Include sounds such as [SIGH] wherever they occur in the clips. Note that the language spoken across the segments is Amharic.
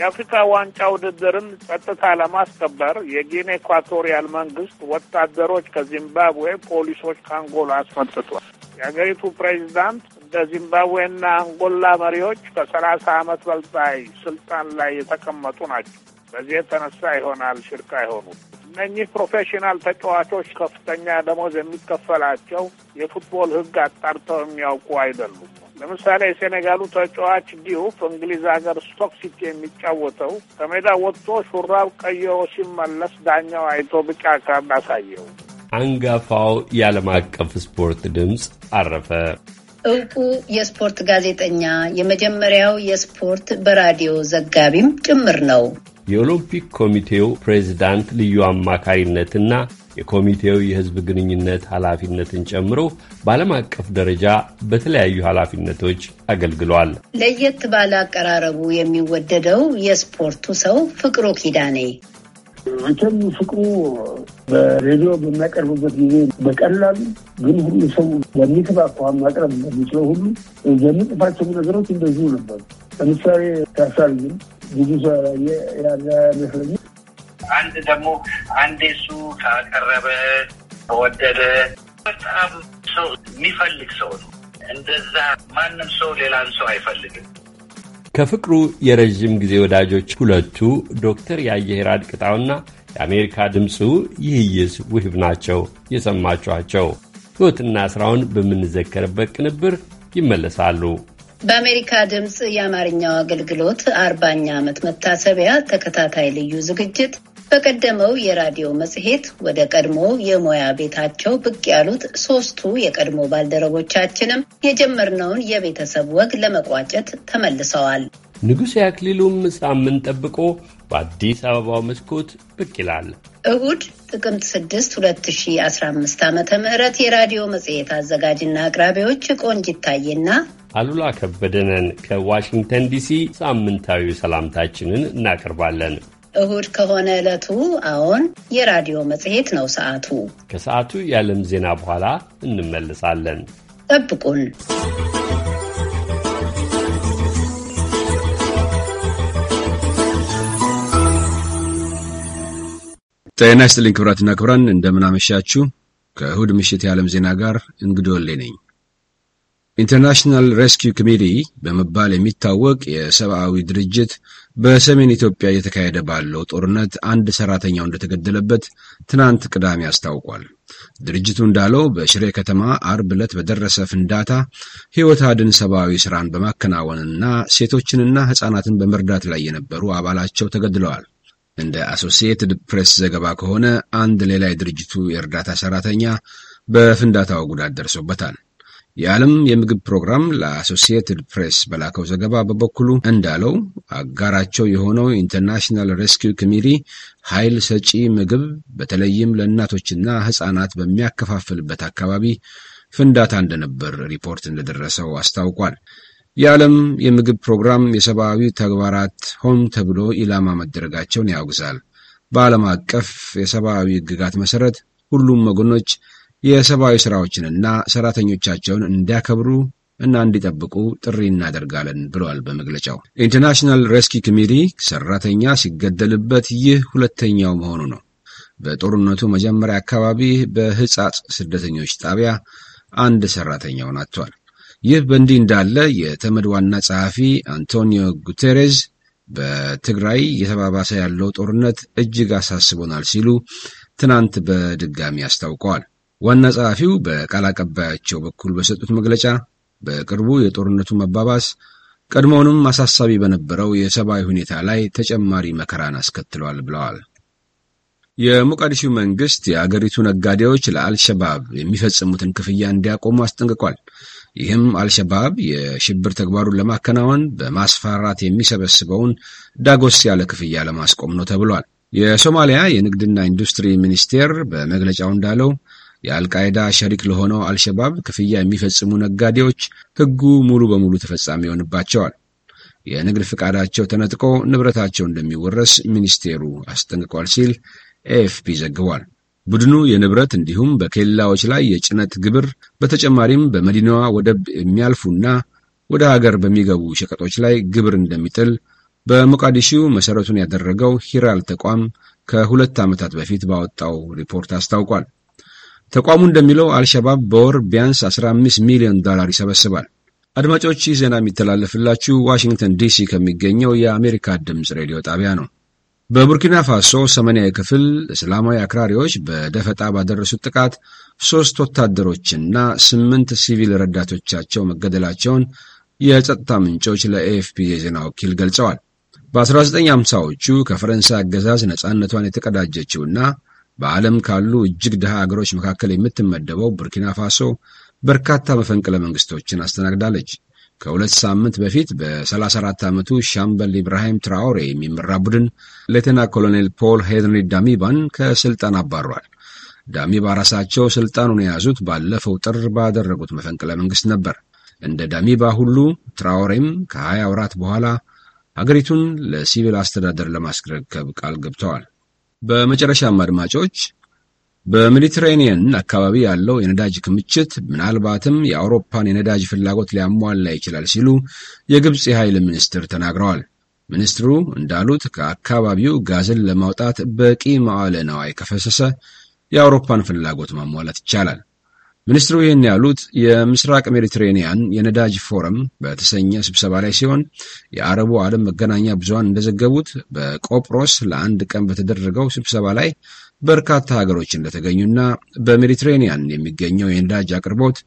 የአፍሪካ ዋንጫ ውድድርን ጸጥታ ለማስከበር የጊኔ ኢኳቶሪያል መንግስት ወታደሮች ከዚምባብዌ፣ ፖሊሶች ከአንጎላ አስመጥቷል። የአገሪቱ ፕሬዚዳንት እንደ ዚምባብዌና አንጎላ መሪዎች ከሰላሳ ዓመት በልጣይ ስልጣን ላይ የተቀመጡ ናቸው። በዚህ የተነሳ ይሆናል ሽርካ አይሆኑም። እነኚህ ፕሮፌሽናል ተጫዋቾች ከፍተኛ ደሞዝ የሚከፈላቸው የፉትቦል ሕግ አጣርተው የሚያውቁ አይደሉም። ለምሳሌ የሴኔጋሉ ተጫዋች ዲሁፍ እንግሊዝ ሀገር ስቶክ ሲቲ የሚጫወተው ከሜዳ ወጥቶ ሹራብ ቀይሮ ሲመለስ ዳኛው አይቶ ቢጫ ካርድ አሳየው። አንጋፋው የዓለም አቀፍ ስፖርት ድምፅ አረፈ። እውቁ የስፖርት ጋዜጠኛ የመጀመሪያው የስፖርት በራዲዮ ዘጋቢም ጭምር ነው። የኦሎምፒክ ኮሚቴው ፕሬዚዳንት ልዩ አማካሪነትና የኮሚቴው የህዝብ ግንኙነት ኃላፊነትን ጨምሮ በዓለም አቀፍ ደረጃ በተለያዩ ኃላፊነቶች አገልግሏል። ለየት ባለ አቀራረቡ የሚወደደው የስፖርቱ ሰው ፍቅሩ ኪዳኔ መቼም ፍቅሩ በሬዲዮ በሚያቀርብበት ጊዜ በቀላሉ ግን ሁሉ ሰው በሚክብ አኳኋን ማቅረብ በሚችለው ሁሉ የሚጽፋቸው ነገሮች እንደዚሁ ነበሩ። ለምሳሌ ታሳል ብዙ ሰው ያለ አይመስለኝም አንድ ደግሞ አንዴ እሱ ካቀረበ ከወደደ በጣም ሰው የሚፈልግ ሰው ነው። እንደዛ ማንም ሰው ሌላን ሰው አይፈልግም። ከፍቅሩ የረዥም ጊዜ ወዳጆች ሁለቱ ዶክተር የአየሄራድ ቅጣውና የአሜሪካ ድምፁ ይህይስ ውህብ ናቸው የሰማችኋቸው። ሕይወትና ሥራውን በምንዘከርበት ቅንብር ይመለሳሉ። በአሜሪካ ድምፅ የአማርኛው አገልግሎት አርባኛ ዓመት መታሰቢያ ተከታታይ ልዩ ዝግጅት በቀደመው የራዲዮ መጽሔት ወደ ቀድሞ የሙያ ቤታቸው ብቅ ያሉት ሶስቱ የቀድሞ ባልደረቦቻችንም የጀመርነውን የቤተሰብ ወግ ለመቋጨት ተመልሰዋል። ንጉሥ ያክሊሉም ሳምን ጠብቆ በአዲስ አበባው መስኮት ብቅ ይላል። እሁድ ጥቅምት 6 2015 ዓ ም የራዲዮ መጽሔት አዘጋጅና አቅራቢዎች ቆንጅ ይታየና አሉላ ከበደነን ከዋሽንግተን ዲሲ ሳምንታዊ ሰላምታችንን እናቀርባለን። እሁድ ከሆነ ዕለቱ አሁን የራዲዮ መጽሔት ነው ሰዓቱ። ከሰዓቱ የዓለም ዜና በኋላ እንመልሳለን። ጠብቁን። ጤና ይስጥልኝ ክብራትና ክብራን፣ እንደምናመሻችሁ። ከእሁድ ምሽት የዓለም ዜና ጋር እንግዶሌ ነኝ። ኢንተርናሽናል ሬስኪው ኮሚቴ በመባል የሚታወቅ የሰብአዊ ድርጅት በሰሜን ኢትዮጵያ እየተካሄደ ባለው ጦርነት አንድ ሰራተኛው እንደተገደለበት ትናንት ቅዳሜ አስታውቋል። ድርጅቱ እንዳለው በሽሬ ከተማ አርብ ዕለት በደረሰ ፍንዳታ ሕይወት አድን ሰብአዊ ስራን በማከናወንና ሴቶችንና ሕፃናትን በመርዳት ላይ የነበሩ አባላቸው ተገድለዋል። እንደ አሶሲየትድ ፕሬስ ዘገባ ከሆነ አንድ ሌላ የድርጅቱ የእርዳታ ሰራተኛ በፍንዳታው ጉዳት ደርሶበታል። የዓለም የምግብ ፕሮግራም ለአሶሲየትድ ፕሬስ በላከው ዘገባ በበኩሉ እንዳለው አጋራቸው የሆነው ኢንተርናሽናል ሬስኪው ኮሚቲ ኃይል ሰጪ ምግብ በተለይም ለእናቶችና ሕፃናት በሚያከፋፍልበት አካባቢ ፍንዳታ እንደነበር ሪፖርት እንደደረሰው አስታውቋል። የዓለም የምግብ ፕሮግራም የሰብአዊ ተግባራት ሆን ተብሎ ኢላማ መደረጋቸውን ያውግዛል። በዓለም አቀፍ የሰብአዊ ሕግጋት መሠረት ሁሉም ወገኖች የሰብአዊ ሥራዎችንና ሠራተኞቻቸውን እንዲያከብሩ እና እንዲጠብቁ ጥሪ እናደርጋለን ብለዋል በመግለጫው። ኢንተርናሽናል ሬስኪ ኮሚቲ ሠራተኛ ሲገደልበት ይህ ሁለተኛው መሆኑ ነው። በጦርነቱ መጀመሪያ አካባቢ በሕጻጽ ስደተኞች ጣቢያ አንድ ሠራተኛውን አጥቷል። ይህ በእንዲህ እንዳለ የተመድ ዋና ጸሐፊ አንቶኒዮ ጉቴሬዝ በትግራይ የተባባሰ ያለው ጦርነት እጅግ አሳስቦናል ሲሉ ትናንት በድጋሚ አስታውቀዋል። ዋና ጸሐፊው በቃል አቀባያቸው በኩል በሰጡት መግለጫ በቅርቡ የጦርነቱ መባባስ ቀድሞውንም አሳሳቢ በነበረው የሰብአዊ ሁኔታ ላይ ተጨማሪ መከራን አስከትሏል ብለዋል። የሞቃዲሾ መንግስት የአገሪቱ ነጋዴዎች ለአልሸባብ የሚፈጽሙትን ክፍያ እንዲያቆሙ አስጠንቅቋል። ይህም አልሸባብ የሽብር ተግባሩን ለማከናወን በማስፈራራት የሚሰበስበውን ዳጎስ ያለ ክፍያ ለማስቆም ነው ተብሏል። የሶማሊያ የንግድና ኢንዱስትሪ ሚኒስቴር በመግለጫው እንዳለው የአልቃይዳ ሸሪክ ለሆነው አልሸባብ ክፍያ የሚፈጽሙ ነጋዴዎች ሕጉ ሙሉ በሙሉ ተፈጻሚ ይሆንባቸዋል። የንግድ ፍቃዳቸው ተነጥቆ ንብረታቸው እንደሚወረስ ሚኒስቴሩ አስጠንቅቋል ሲል ኤኤፍፒ ዘግቧል። ቡድኑ የንብረት እንዲሁም በኬላዎች ላይ የጭነት ግብር በተጨማሪም በመዲናዋ ወደብ የሚያልፉና ወደ ሀገር በሚገቡ ሸቀጦች ላይ ግብር እንደሚጥል በሞቃዲሹ መሠረቱን ያደረገው ሂራል ተቋም ከሁለት ዓመታት በፊት ባወጣው ሪፖርት አስታውቋል። ተቋሙ እንደሚለው አልሸባብ በወር ቢያንስ 15 ሚሊዮን ዶላር ይሰበስባል። አድማጮች ይህ ዜና የሚተላለፍላችሁ ዋሽንግተን ዲሲ ከሚገኘው የአሜሪካ ድምፅ ሬዲዮ ጣቢያ ነው። በቡርኪና ፋሶ ሰሜናዊ ክፍል እስላማዊ አክራሪዎች በደፈጣ ባደረሱት ጥቃት ሦስት ወታደሮችና ስምንት ሲቪል ረዳቶቻቸው መገደላቸውን የጸጥታ ምንጮች ለኤኤፍፒ የዜና ወኪል ገልጸዋል። በ1950ዎቹ ከፈረንሳይ አገዛዝ ነፃነቷን የተቀዳጀችውና በዓለም ካሉ እጅግ ድሃ አገሮች መካከል የምትመደበው ቡርኪና ፋሶ በርካታ መፈንቅለ መንግስቶችን አስተናግዳለች። ከሁለት ሳምንት በፊት በ34 ዓመቱ ሻምበል ኢብራሂም ትራውሬ የሚመራ ቡድን ሌተና ኮሎኔል ፖል ሄንሪ ዳሚባን ከስልጣን አባሯል። ዳሚባ ራሳቸው ስልጣኑን የያዙት ባለፈው ጥር ባደረጉት መፈንቅለ መንግስት ነበር። እንደ ዳሚባ ሁሉ ትራውሬም ከ20 ወራት በኋላ ሀገሪቱን ለሲቪል አስተዳደር ለማስረከብ ቃል ገብተዋል። በመጨረሻም አድማጮች በሜዲትሬኒየን አካባቢ ያለው የነዳጅ ክምችት ምናልባትም የአውሮፓን የነዳጅ ፍላጎት ሊያሟላ ይችላል ሲሉ የግብፅ የኃይል ሚኒስትር ተናግረዋል። ሚኒስትሩ እንዳሉት ከአካባቢው ጋዝን ለማውጣት በቂ መዋዕለ ንዋይ ከፈሰሰ የአውሮፓን ፍላጎት ማሟላት ይቻላል። ሚኒስትሩ ይህን ያሉት የምስራቅ ሜዲትሬኒያን የነዳጅ ፎረም በተሰኘ ስብሰባ ላይ ሲሆን የአረቡ ዓለም መገናኛ ብዙሃን እንደዘገቡት በቆጵሮስ ለአንድ ቀን በተደረገው ስብሰባ ላይ በርካታ ሀገሮች እንደተገኙና በሜዲትሬኒያን የሚገኘው የነዳጅ አቅርቦት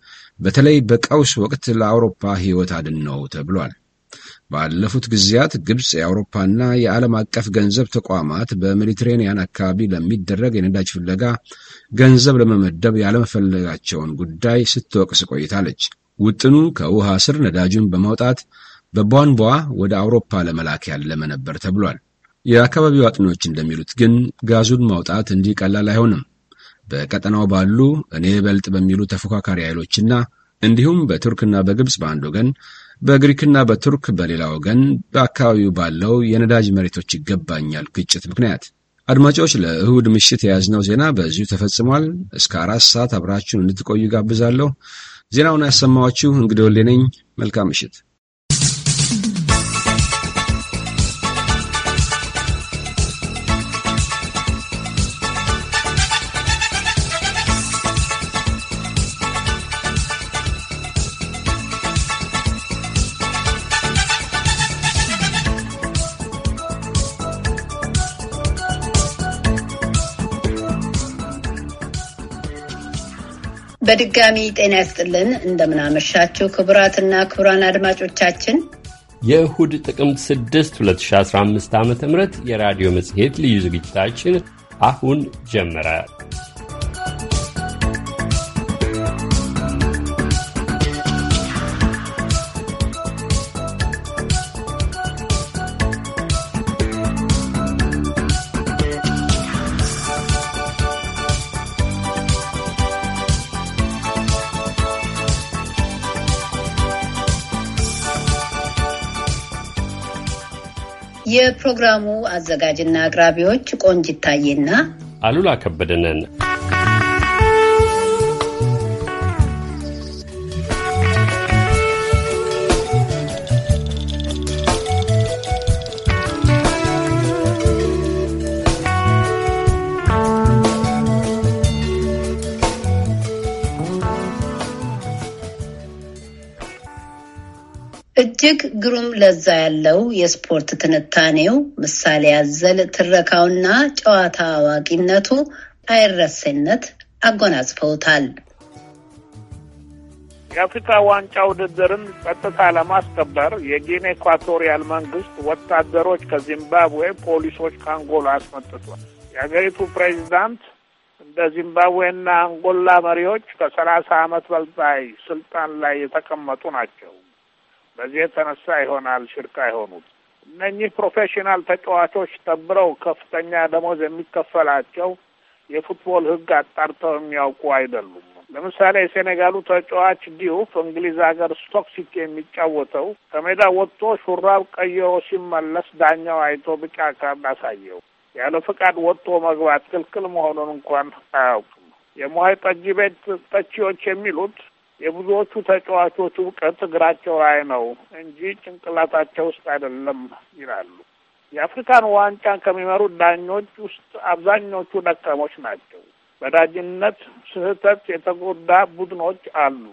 በተለይ በቀውስ ወቅት ለአውሮፓ ሕይወት አድን ነው ተብሏል። ባለፉት ጊዜያት ግብፅ የአውሮፓና የዓለም አቀፍ ገንዘብ ተቋማት በሜዲትሬኒያን አካባቢ ለሚደረግ የነዳጅ ፍለጋ ገንዘብ ለመመደብ ያለመፈለጋቸውን ጉዳይ ስትወቅስ ቆይታለች። ውጥኑ ከውሃ ስር ነዳጁን በማውጣት በቧንቧ ወደ አውሮፓ ለመላክ ያለመ ነበር ተብሏል። የአካባቢው አጥኚዎች እንደሚሉት ግን ጋዙን ማውጣት እንዲህ ቀላል አይሆንም። በቀጠናው ባሉ እኔ በልጥ በሚሉ ተፎካካሪ ኃይሎችና እንዲሁም በቱርክና በግብፅ በአንድ ወገን በግሪክና በቱርክ በሌላ ወገን በአካባቢው ባለው የነዳጅ መሬቶች ይገባኛል ግጭት ምክንያት አድማጮች፣ ለእሁድ ምሽት የያዝነው ዜና በዚሁ ተፈጽሟል። እስከ አራት ሰዓት አብራችሁን እንድትቆዩ ጋብዛለሁ። ዜናውን ያሰማኋችሁ እንግዲህ ወሌ ነኝ። መልካም ምሽት። በድጋሚ ጤና ያስጥልን። እንደምናመሻችው ክቡራትና ክቡራን አድማጮቻችን የእሁድ ጥቅምት 6 2015 ዓ ም የራዲዮ መጽሔት ልዩ ዝግጅታችን አሁን ጀመረ። የፕሮግራሙ አዘጋጅና አቅራቢዎች ቆንጅታዬና አሉላ ከበደነን። እጅግ ግሩም ለዛ ያለው የስፖርት ትንታኔው፣ ምሳሌ ያዘል ትረካውና ጨዋታ አዋቂነቱ አይረሴነት አጎናጽፈውታል። የአፍሪካ ዋንጫ ውድድርን ጸጥታ ለማስከበር የጊኒ ኢኳቶሪያል መንግስት ወታደሮች ከዚምባብዌ ፖሊሶች ከአንጎላ አስመጥቷል። የሀገሪቱ ፕሬዚዳንት እንደ ዚምባብዌና አንጎላ መሪዎች ከሰላሳ ዓመት በላይ ስልጣን ላይ የተቀመጡ ናቸው። በዚህ የተነሳ ይሆናል ሽርካ አይሆኑት። እነኚህ ፕሮፌሽናል ተጫዋቾች ተብለው ከፍተኛ ደሞዝ የሚከፈላቸው የፉትቦል ሕግ አጣርተው የሚያውቁ አይደሉም። ለምሳሌ የሴኔጋሉ ተጫዋች ዲዩፍ እንግሊዝ ሀገር ስቶክ ሲቲ የሚጫወተው ከሜዳ ወጥቶ ሹራብ ቀይሮ ሲመለስ ዳኛው አይቶ ቢጫ ካርድ አሳየው። ያለ ፍቃድ ወጥቶ መግባት ክልክል መሆኑን እንኳን አያውቅም። የሙሀይ ጠጅ ቤት ጠቺዎች የሚሉት የብዙዎቹ ተጫዋቾች እውቀት እግራቸው ላይ ነው እንጂ ጭንቅላታቸው ውስጥ አይደለም ይላሉ። የአፍሪካን ዋንጫን ከሚመሩ ዳኞች ውስጥ አብዛኞቹ ደካሞች ናቸው። በዳኝነት ስህተት የተጎዳ ቡድኖች አሉ።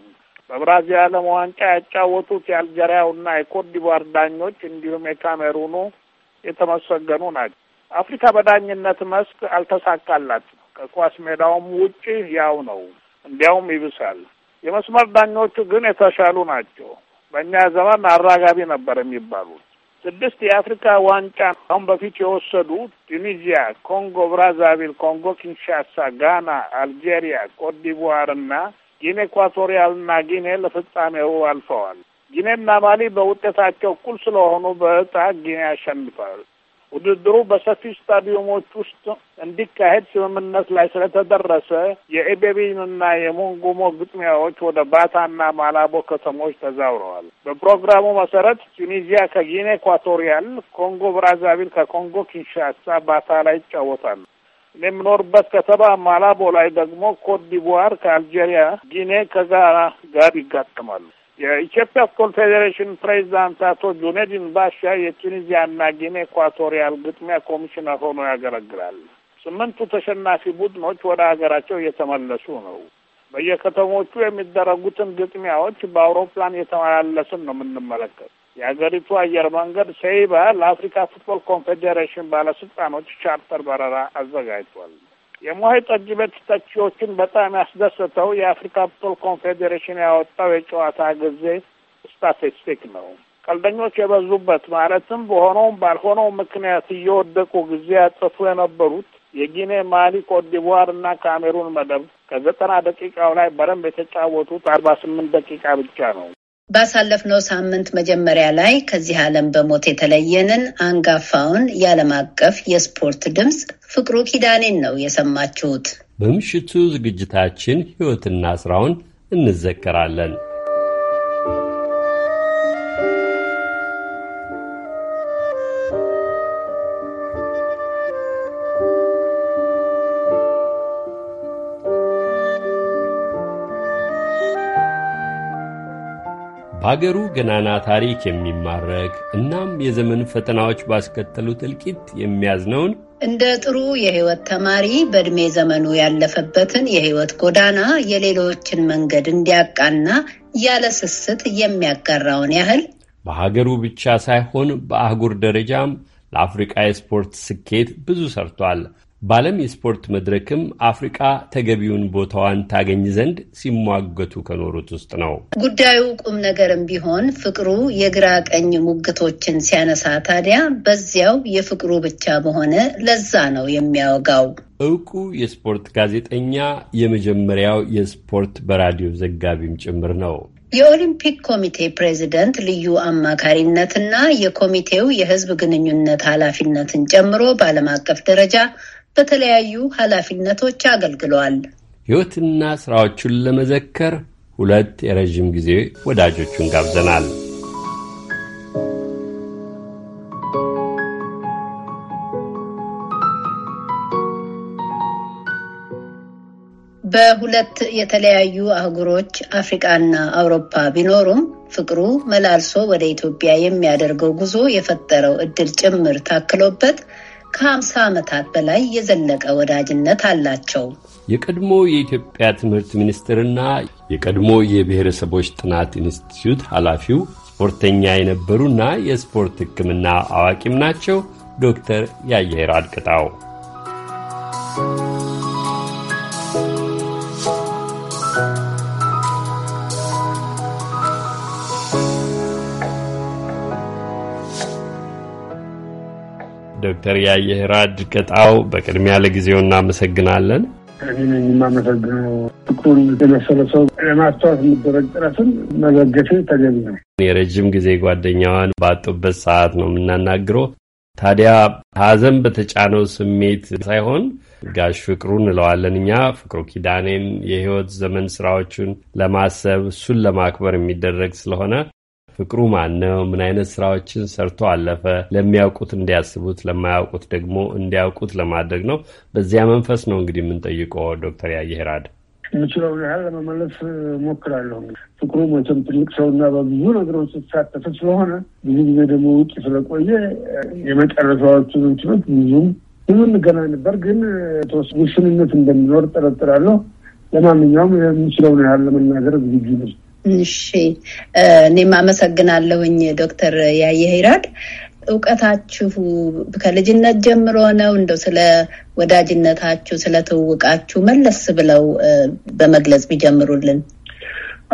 በብራዚል ዓለም ዋንጫ ያጫወቱት የአልጀሪያውና የኮትዲቯር ዳኞች እንዲሁም የካሜሩኑ የተመሰገኑ ናቸው። አፍሪካ በዳኝነት መስክ አልተሳካላትም። ከኳስ ሜዳውም ውጪ ያው ነው፣ እንዲያውም ይብሳል። የመስመር ዳኞቹ ግን የተሻሉ ናቸው። በእኛ ዘመን አራጋቢ ነበር የሚባሉት። ስድስት የአፍሪካ ዋንጫ አሁን በፊት የወሰዱ ቱኒዚያ፣ ኮንጎ ብራዛቪል፣ ኮንጎ ኪንሻሳ፣ ጋና፣ አልጄሪያ፣ ኮትዲቯር እና ጊኔ ኢኳቶሪያልና ጊኔ ለፍጻሜው አልፈዋል። ጊኔና ማሊ በውጤታቸው እኩል ስለሆኑ በዕጣ ጊኔ ያሸንፋል። ውድድሩ በሰፊ ስታዲየሞች ውስጥ እንዲካሄድ ስምምነት ላይ ስለተደረሰ የኢቤቢንና የሞንጎሞ ግጥሚያዎች ወደ ባታ እና ማላቦ ከተሞች ተዛውረዋል። በፕሮግራሙ መሰረት ቱኒዚያ ከጊኔ ኢኳቶሪያል፣ ኮንጎ ብራዛቪል ከኮንጎ ኪንሻሳ ባታ ላይ ይጫወታሉ። እኔ የምኖርበት ከተማ ማላቦ ላይ ደግሞ ኮትዲቯር ከአልጄሪያ፣ ጊኔ ከጋና ጋር ይጋጥማሉ። የኢትዮጵያ ፉትቦል ፌዴሬሽን ፕሬዚዳንት አቶ ጁነዲን ባሻ የቱኒዚያና ጊኔ ኢኳቶሪያል ግጥሚያ ኮሚሽነር ሆኖ ያገለግላል። ስምንቱ ተሸናፊ ቡድኖች ወደ ሀገራቸው እየተመለሱ ነው። በየከተሞቹ የሚደረጉትን ግጥሚያዎች በአውሮፕላን የተመላለስን ነው የምንመለከት። የሀገሪቱ አየር መንገድ ሰይባ ለአፍሪካ ፉትቦል ኮንፌዴሬሽን ባለስልጣኖች ቻርተር በረራ አዘጋጅቷል። የሞሀይ ጠጅበት ተቺዎችን በጣም ያስደሰተው የአፍሪካ ፉትቦል ኮንፌዴሬሽን ያወጣው የጨዋታ ጊዜ ስታቲስቲክ ነው። ቀልደኞች የበዙበት ማለትም በሆነውም ባልሆነው ምክንያት እየወደቁ ጊዜ ያጠፉ የነበሩት የጊኔ ማሊ፣ ኮትዲቯር እና ካሜሩን መደብ ከዘጠና ደቂቃው ላይ በረንብ የተጫወቱት አርባ ስምንት ደቂቃ ብቻ ነው። ባሳለፍነው ሳምንት መጀመሪያ ላይ ከዚህ ዓለም በሞት የተለየንን አንጋፋውን የዓለም አቀፍ የስፖርት ድምፅ ፍቅሩ ኪዳኔን ነው የሰማችሁት። በምሽቱ ዝግጅታችን ሕይወትና ስራውን እንዘከራለን። በአገሩ ገናና ታሪክ የሚማረክ እናም የዘመን ፈተናዎች ባስከተሉት እልቂት የሚያዝነውን እንደ ጥሩ የህይወት ተማሪ በእድሜ ዘመኑ ያለፈበትን የህይወት ጎዳና የሌሎችን መንገድ እንዲያቃና ያለ ስስት የሚያጋራውን ያህል በሀገሩ ብቻ ሳይሆን በአህጉር ደረጃም ለአፍሪቃ የስፖርት ስኬት ብዙ ሰርቷል። በዓለም የስፖርት መድረክም አፍሪቃ ተገቢውን ቦታዋን ታገኝ ዘንድ ሲሟገቱ ከኖሩት ውስጥ ነው። ጉዳዩ ቁም ነገርም ቢሆን ፍቅሩ የግራ ቀኝ ሙግቶችን ሲያነሳ ታዲያ በዚያው የፍቅሩ ብቻ በሆነ ለዛ ነው የሚያወጋው። እውቁ የስፖርት ጋዜጠኛ የመጀመሪያው የስፖርት በራዲዮ ዘጋቢም ጭምር ነው። የኦሊምፒክ ኮሚቴ ፕሬዚደንት ልዩ አማካሪነትና የኮሚቴው የሕዝብ ግንኙነት ኃላፊነትን ጨምሮ በዓለም አቀፍ ደረጃ በተለያዩ ኃላፊነቶች አገልግሏል። ሕይወትና ሥራዎቹን ለመዘከር ሁለት የረዥም ጊዜ ወዳጆቹን ጋብዘናል። በሁለት የተለያዩ አህጉሮች አፍሪቃና አውሮፓ ቢኖሩም ፍቅሩ መላልሶ ወደ ኢትዮጵያ የሚያደርገው ጉዞ የፈጠረው እድል ጭምር ታክሎበት ከ50 ዓመታት በላይ የዘለቀ ወዳጅነት አላቸው። የቀድሞ የኢትዮጵያ ትምህርት ሚኒስትርና የቀድሞ የብሔረሰቦች ጥናት ኢንስቲትዩት ኃላፊው ስፖርተኛ የነበሩና የስፖርት ሕክምና አዋቂም ናቸው ዶክተር ያየህራድ ቅጣው ዶክተር ያየህ ራድ ቅጣው በቅድሚያ ለጊዜው እናመሰግናለን። እኔ የማመሰግነው ፍቅሩን የመሰለ ሰው ለማስታወስ የሚደረግ ጥረትን መዘገሴ ተገቢ ነው። የረጅም ጊዜ ጓደኛዋን ባጡበት ሰዓት ነው የምናናግረው። ታዲያ ሀዘን በተጫነው ስሜት ሳይሆን ጋሽ ፍቅሩ እንለዋለን እኛ ፍቅሩ ኪዳኔን የህይወት ዘመን ስራዎቹን ለማሰብ እሱን ለማክበር የሚደረግ ስለሆነ ፍቅሩ ማን ነው? ምን አይነት ስራዎችን ሰርቶ አለፈ? ለሚያውቁት እንዲያስቡት፣ ለማያውቁት ደግሞ እንዲያውቁት ለማድረግ ነው። በዚያ መንፈስ ነው እንግዲህ የምንጠይቀው ዶክተር ያየህራድ የምችለው ያህል ለመመለስ ሞክራለሁ። ፍቅሩ መቼም ትልቅ ሰው እና በብዙ ነገሮች የተሳተፈ ስለሆነ ብዙ ጊዜ ደግሞ ውጭ ስለቆየ የመጨረሻዎቹን እንትኖች ብዙም ብዙ እንገናኝ ነበር፣ ግን ውስንነት እንደሚኖር ጠረጥራለሁ። ለማንኛውም የምችለውን ያህል ለመናገር ዝግጁ ነው። እሺ እኔም አመሰግናለሁኝ ዶክተር ያየ ይራድ። እውቀታችሁ ከልጅነት ጀምሮ ነው? እንደው ስለ ወዳጅነታችሁ ስለ ትውውቃችሁ መለስ ብለው በመግለጽ ቢጀምሩልን።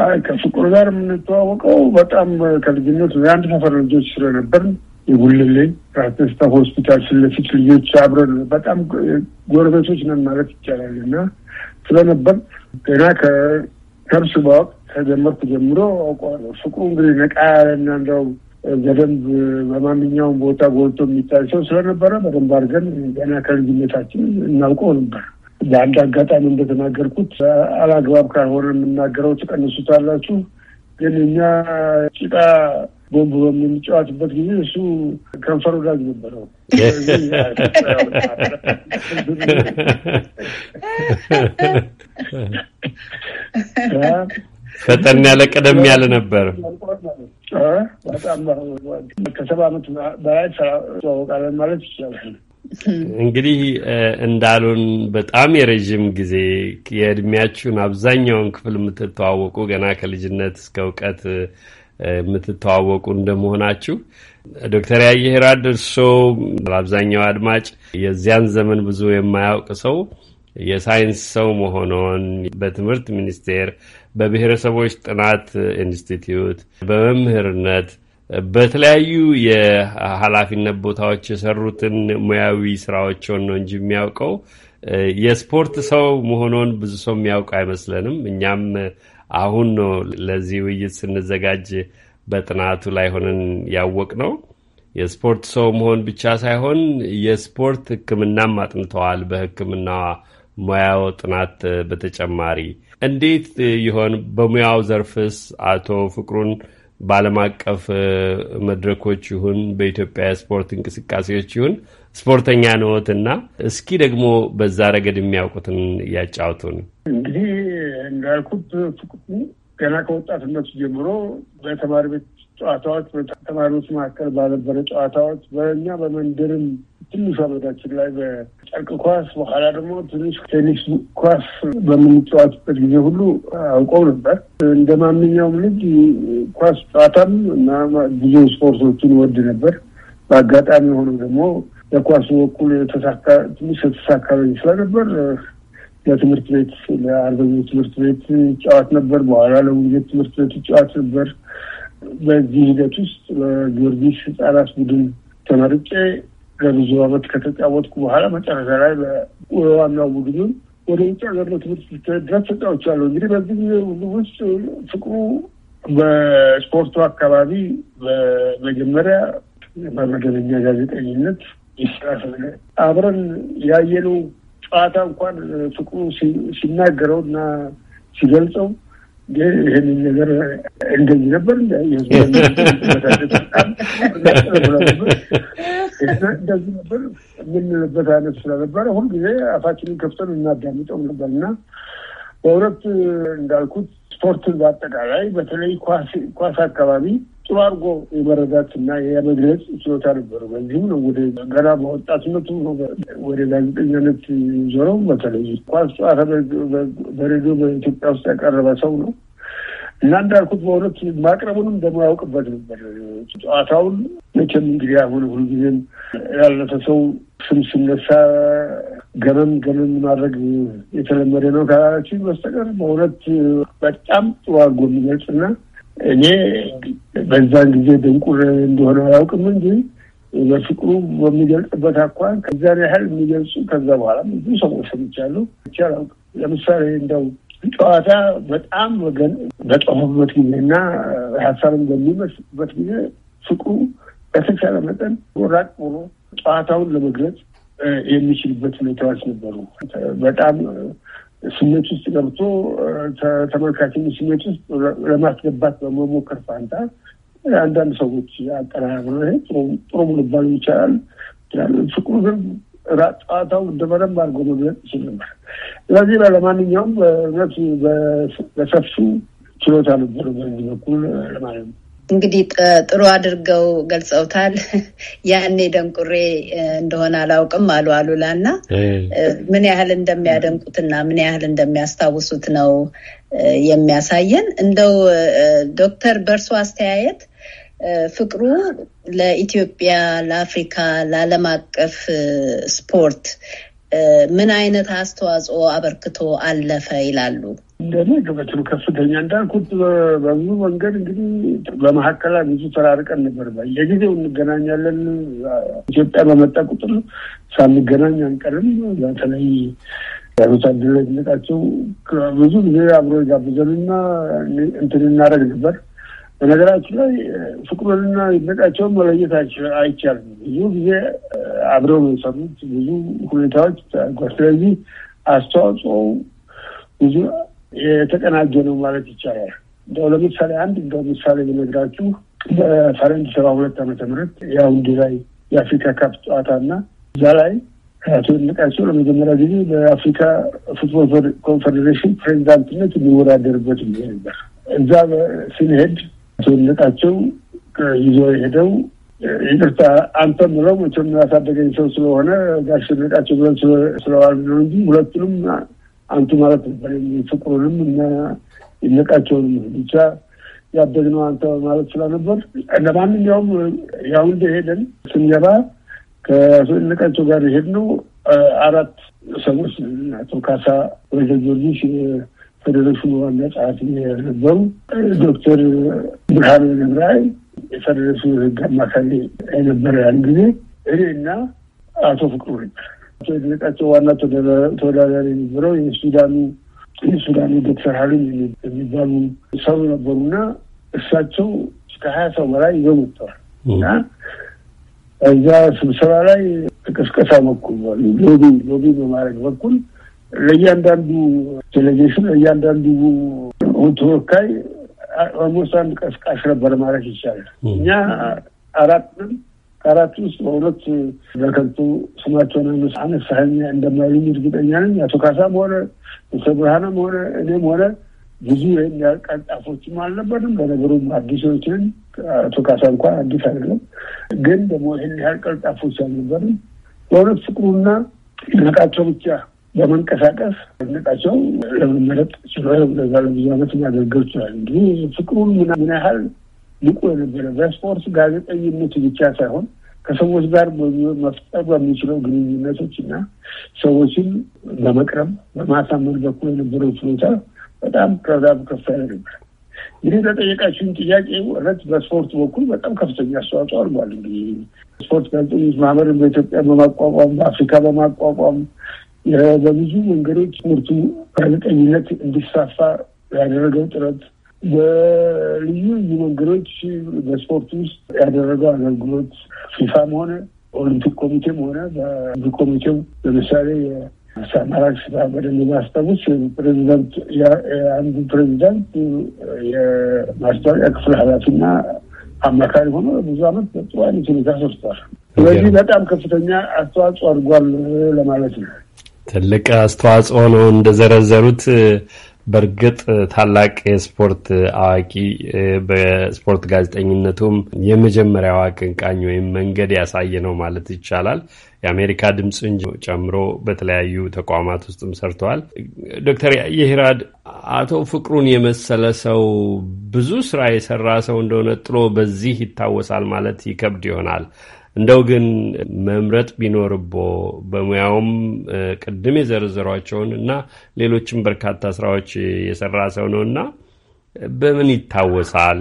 አይ ከፍቅሩ ጋር የምንተዋወቀው በጣም ከልጅነት የአንድ ሰፈር ልጆች ስለነበር ይጉልልኝ ራስነስታ ሆስፒታል ስለፊት ልጆች አብረን በጣም ጎረቤቶች ነን ማለት ይቻላል እና ስለነበር ገና ከከብስ በወቅት ከጀመርኩ ጀምሮ አውቀዋለሁ። ሱቁ እንግዲህ ነቃ ያለና እንደው በደንብ በማንኛውም ቦታ ጎልቶ የሚታይ ሰው ስለነበረ በደንብ አድርገን ገና ከልጅነታችን እናውቀው ነበር። በአንድ አጋጣሚ እንደተናገርኩት አላግባብ ካልሆነ የምናገረው ትቀንሱታላችሁ፣ ግን እኛ ጭቃ ቦምብ በምንጫወትበት ጊዜ እሱ ከንፈር ወዳጅ ነበረው። [LAUGHS] ፈጠን ያለ ቀደም ያለ ነበር። በጣም ከሰባ ዓመት በላይ ተዋወቃለን ማለት ይቻላል። እንግዲህ እንዳሉን በጣም የረዥም ጊዜ የእድሜያችሁን አብዛኛውን ክፍል የምትተዋወቁ ገና ከልጅነት እስከ እውቀት የምትተዋወቁ እንደመሆናችሁ ዶክተር ያየህ ራድ እርስዎ ለአብዛኛው አድማጭ የዚያን ዘመን ብዙ የማያውቅ ሰው የሳይንስ ሰው መሆኖን በትምህርት ሚኒስቴር በብሔረሰቦች ጥናት ኢንስቲትዩት በመምህርነት በተለያዩ የኃላፊነት ቦታዎች የሰሩትን ሙያዊ ስራዎችን ነው እንጂ የሚያውቀው የስፖርት ሰው መሆኖን ብዙ ሰው የሚያውቅ አይመስለንም። እኛም አሁን ነው ለዚህ ውይይት ስንዘጋጅ በጥናቱ ላይ ሆነን ያወቅ ነው። የስፖርት ሰው መሆን ብቻ ሳይሆን የስፖርት ሕክምናም አጥንተዋል። በሕክምና ሙያው ጥናት በተጨማሪ እንዴት ይሆን በሙያው ዘርፍስ አቶ ፍቅሩን በዓለም አቀፍ መድረኮች ይሁን በኢትዮጵያ ስፖርት እንቅስቃሴዎች ይሁን ስፖርተኛ ነዎትና እስኪ ደግሞ በዛ ረገድ የሚያውቁትን እያጫውቱን። እንግዲህ እንዳልኩት ፍቅሩ ገና ከወጣትነቱ ጀምሮ በተማሪ ቤት ጨዋታዎች በተማሪዎች መካከል ባነበረ ጨዋታዎች በእኛ በመንደርም ትንሽ አመታችን ላይ በጨርቅ ኳስ በኋላ ደግሞ ትንሽ ቴኒስ ኳስ በምንጫወትበት ጊዜ ሁሉ አውቀው ነበር። እንደ ማንኛውም ልጅ ኳስ ጨዋታም እና ብዙ ስፖርቶችን ወድ ነበር። በአጋጣሚ የሆነ ደግሞ ለኳሱ በኩል የተሳካ ትንሽ የተሳካ ስለነበር ለትምህርት ቤት ለአርበኞች ትምህርት ቤት ይጫወት ነበር። በኋላ ለወንጌል ትምህርት ቤት ይጫዋት ነበር። በዚህ ሂደት ውስጥ በጊዮርጊስ ህጻናት ቡድን ተመርጬ ለብዙ አመት ከተጫወትኩ በኋላ መጨረሻ ላይ ዋናው ቡድኑን ወደ ውጭ ሀገር ነው ድረስ ተጫውቻለሁ። እንግዲህ በዚህ ጊዜ ሁሉ ውስጥ ፍቅሩ በስፖርቱ አካባቢ በመጀመሪያ በመደበኛ ጋዜጠኝነት ይስራስ አብረን ያየነው ጨዋታ እንኳን ፍቅሩ ሲናገረው እና ሲገልጸው ይህን ነገር [LAUGHS] እንደዚህ ነበር እንደዚህ ነበር የምንልበት አይነት ስለነበረ ሁልጊዜ አፋችንን ከፍተን እናዳምጠው ነበር እና በእውነት እንዳልኩት ስፖርትን በአጠቃላይ በተለይ ኳስ አካባቢ ጥሩ አድርጎ የመረዳት እና የመግለጽ ችሎታ ነበሩ። በዚህም ነው ወደ ገና በወጣትነቱ ወደ ጋዜጠኛነት ዞረው በተለይ ኳስ ጨዋታ በሬዲዮ በኢትዮጵያ ውስጥ ያቀረበ ሰው ነው እና እንዳልኩት በእውነት ማቅረቡንም ደግሞ ያውቅበት ነበር። ጨዋታውን መቼም እንግዲህ አሁን ሁልጊዜም ያለፈ ሰው ስም ሲነሳ ገመም ገመም ማድረግ የተለመደ ነው ካላችን በስተቀር በእውነት በጣም ጥሩ አድርጎ የሚገልጽ እና እኔ በዛን ጊዜ ድንቁር እንደሆነ አያውቅም እንጂ በፍቅሩ በሚገልጽበት አኳን ከዛን ያህል የሚገልጹ ከዛ በኋላ ብዙ ሰዎች ሰምቻሉ። ለምሳሌ እንደው ጨዋታ በጣም ወገን በጠፉበት ጊዜ እና ሀሳብን በሚመስበት ጊዜ ፍቅሩ በተቻለ መጠን ወራቅ ሆኖ ጨዋታውን ለመግለጽ የሚችልበት ሁኔታዎች ነበሩ። በጣም ስሜት ውስጥ ገብቶ ተመልካችን ስሜት ውስጥ ለማስገባት በመሞከር ፋንታ አንዳንድ ሰዎች አቀራረብ ጥሩ ልባሉ ይቻላል። ፍቅሩ ግን ጨዋታው ደበረም አድርጎ መግለጽ ይችል ነበር። ስለዚህ ለማንኛውም በእውነት በሰፊው ችሎታ ነበር በዚህ በኩል ለማለት ነው። እንግዲህ ጥሩ አድርገው ገልጸውታል። [LAUGHS] ያኔ ደንቁሬ እንደሆነ አላውቅም አሉ አሉላ እና ምን ያህል እንደሚያደንቁትና ምን ያህል እንደሚያስታውሱት ነው የሚያሳየን። እንደው ዶክተር በእርሶ አስተያየት ፍቅሩ ለኢትዮጵያ፣ ለአፍሪካ፣ ለዓለም አቀፍ ስፖርት ምን አይነት አስተዋጽኦ አበርክቶ አለፈ ይላሉ? እንደኔ ግምቱ ከፍተኛ እንዳልኩት በብዙ መንገድ እንግዲህ በመካከላ ብዙ ተራርቀን ነበር። በየጊዜው እንገናኛለን። ኢትዮጵያ በመጣ ቁጥር ሳንገናኝ አንቀርም። በተለይ ወታደር ላይ ብዙ ጊዜ አብሮ ጋብዘንና እንትን እናደርግ ነበር። በነገራችን ላይ ፍቅሩንና ይድነቃቸውን መለየት አይቻልም። ብዙ ጊዜ አብረው ነው የሰሩት ብዙ ሁኔታዎች ታጓል። ስለዚህ አስተዋጽኦ ብዙ የተቀናጀ ነው ማለት ይቻላል። እንደው ለምሳሌ አንድ እንደው ምሳሌ ብነግራችሁ በፈረንጅ ሰባ ሁለት ዓመተ ምህረት የአሁንዲ ላይ የአፍሪካ ካፕ ጨዋታ እና እዛ ላይ አቶ ለመጀመሪያ ጊዜ በአፍሪካ ፉትቦል ኮንፌዴሬሽን ፕሬዚዳንትነት የሚወዳደርበት ነበር። እዛ ስንሄድ ትልቃቸው ይዞ ሄደው ይቅርታ አንተ ምለው መቼም ያሳደገኝ ሰው ስለሆነ ጋሽ ትልቃቸው ብለን ስለዋል ነው እንጂ ሁለቱንም አንቱ ማለት ነበር። ፍቅሩንም እና ይነቃቸውንም ብቻ ያደግነው አንተ ማለት ስለነበር ለማንኛውም ያው እንደሄደን ስንገባ ከትልቃቸው ጋር የሄድነው አራት ሰዎች አቶ ካሳ ወይዘ ጊዮርጊስ ፌዴሬሽኑ ዋና ጸሐፊ የነበሩ ዶክተር ብርሃኑ ነብራይ የፌዴሬሽኑ ህግ አማካሪ የነበረ ያን ጊዜ እኔ እና አቶ ፍቅሩ ነበር። አቶ የድነቃቸው ዋና ተወዳዳሪ የነበረው የሱዳኑ የሱዳኑ ዶክተር ሀሊም የሚባሉ ሰው ነበሩና እሳቸው እስከ ሀያ ሰው በላይ ይዘው መጥተዋል እና እዛ ስብሰባ ላይ ቅስቀሳ በኩል ሎቢ ሎቢ በማድረግ በኩል ለእያንዳንዱ ቴሌቪዥን ለእያንዳንዱ ተወካይ ኦልሞስት አንድ ቀስቃሽ ነበር ማለት ይቻላል። እኛ አራት ከአራት ውስጥ በሁለት በከብቱ ስማቸውን አነሳኸኝ እንደማይሉኝ እርግጠኛ ነኝ። አቶ ካሳም ሆነ ሰ ብርሃንም ሆነ እኔም ሆነ ብዙ ይህን ያህል ቀልጣፎችም አልነበርንም። ለነገሩም አዲሶችን አቶ ካሳ እንኳን አዲስ አይደለም፣ ግን ደግሞ ይህን ያህል ቀልጣፎች አልነበርንም። በእውነት ፍቅሩና ነቃቸው ብቻ ለመንቀሳቀስ ነቃቸው ለመመረጥ ችሏል። ለዛ ለብዙ አመት ማገልገል ችሏል። እንግዲህ ፍቅሩ ምን ያህል ንቁ የነበረ በስፖርት ጋዜጠኝነት ብቻ ሳይሆን ከሰዎች ጋር መፍጠር በሚችለው ግንኙነቶች እና ሰዎችን በመቅረብ በማሳመን በኩል የነበረው ችሎታ በጣም ከዛብ ከፍ ያለ ነበር። እንግዲህ ለጠየቃችሁን ጥያቄ እረት በስፖርት በኩል በጣም ከፍተኛ አስተዋጽኦ አድርጓል። እንግዲህ ስፖርት ጋዜጠኞች ማህበርን በኢትዮጵያ በማቋቋም በአፍሪካ በማቋቋም በብዙ መንገዶች ትምህርቱ ጋዜጠኝነት እንዲስፋፋ ያደረገው ጥረት፣ በልዩ ልዩ መንገዶች በስፖርት ውስጥ ያደረገው አገልግሎት ፊፋም ሆነ ኦሊምፒክ ኮሚቴም ሆነ በዚ ኮሚቴው ለምሳሌ ሳማራክ ስራ በደንብ ማስታወስ ፕሬዚዳንት አንዱ ፕሬዚዳንት የማስታወቂያ ክፍል ኃላፊና አማካሪ ሆኖ ብዙ አመት በጥሩ አይነት ሁኔታ ሰርቷል። ስለዚህ በጣም ከፍተኛ አስተዋጽኦ አድርጓል ለማለት ነው። ትልቅ አስተዋጽኦ ነው እንደዘረዘሩት። በእርግጥ ታላቅ የስፖርት አዋቂ በስፖርት ጋዜጠኝነቱም የመጀመሪያው አቀንቃኝ ወይም መንገድ ያሳየ ነው ማለት ይቻላል። የአሜሪካ ድምፅን ጨምሮ በተለያዩ ተቋማት ውስጥም ሰርተዋል። ዶክተር የሂራድ አቶ ፍቅሩን የመሰለ ሰው ብዙ ስራ የሰራ ሰው እንደሆነ ጥሎ በዚህ ይታወሳል ማለት ይከብድ ይሆናል። እንደው ግን መምረጥ ቢኖርቦ በሙያውም ቅድም የዘረዘሯቸውን እና ሌሎችም በርካታ ስራዎች የሰራ ሰው ነው እና በምን ይታወሳል?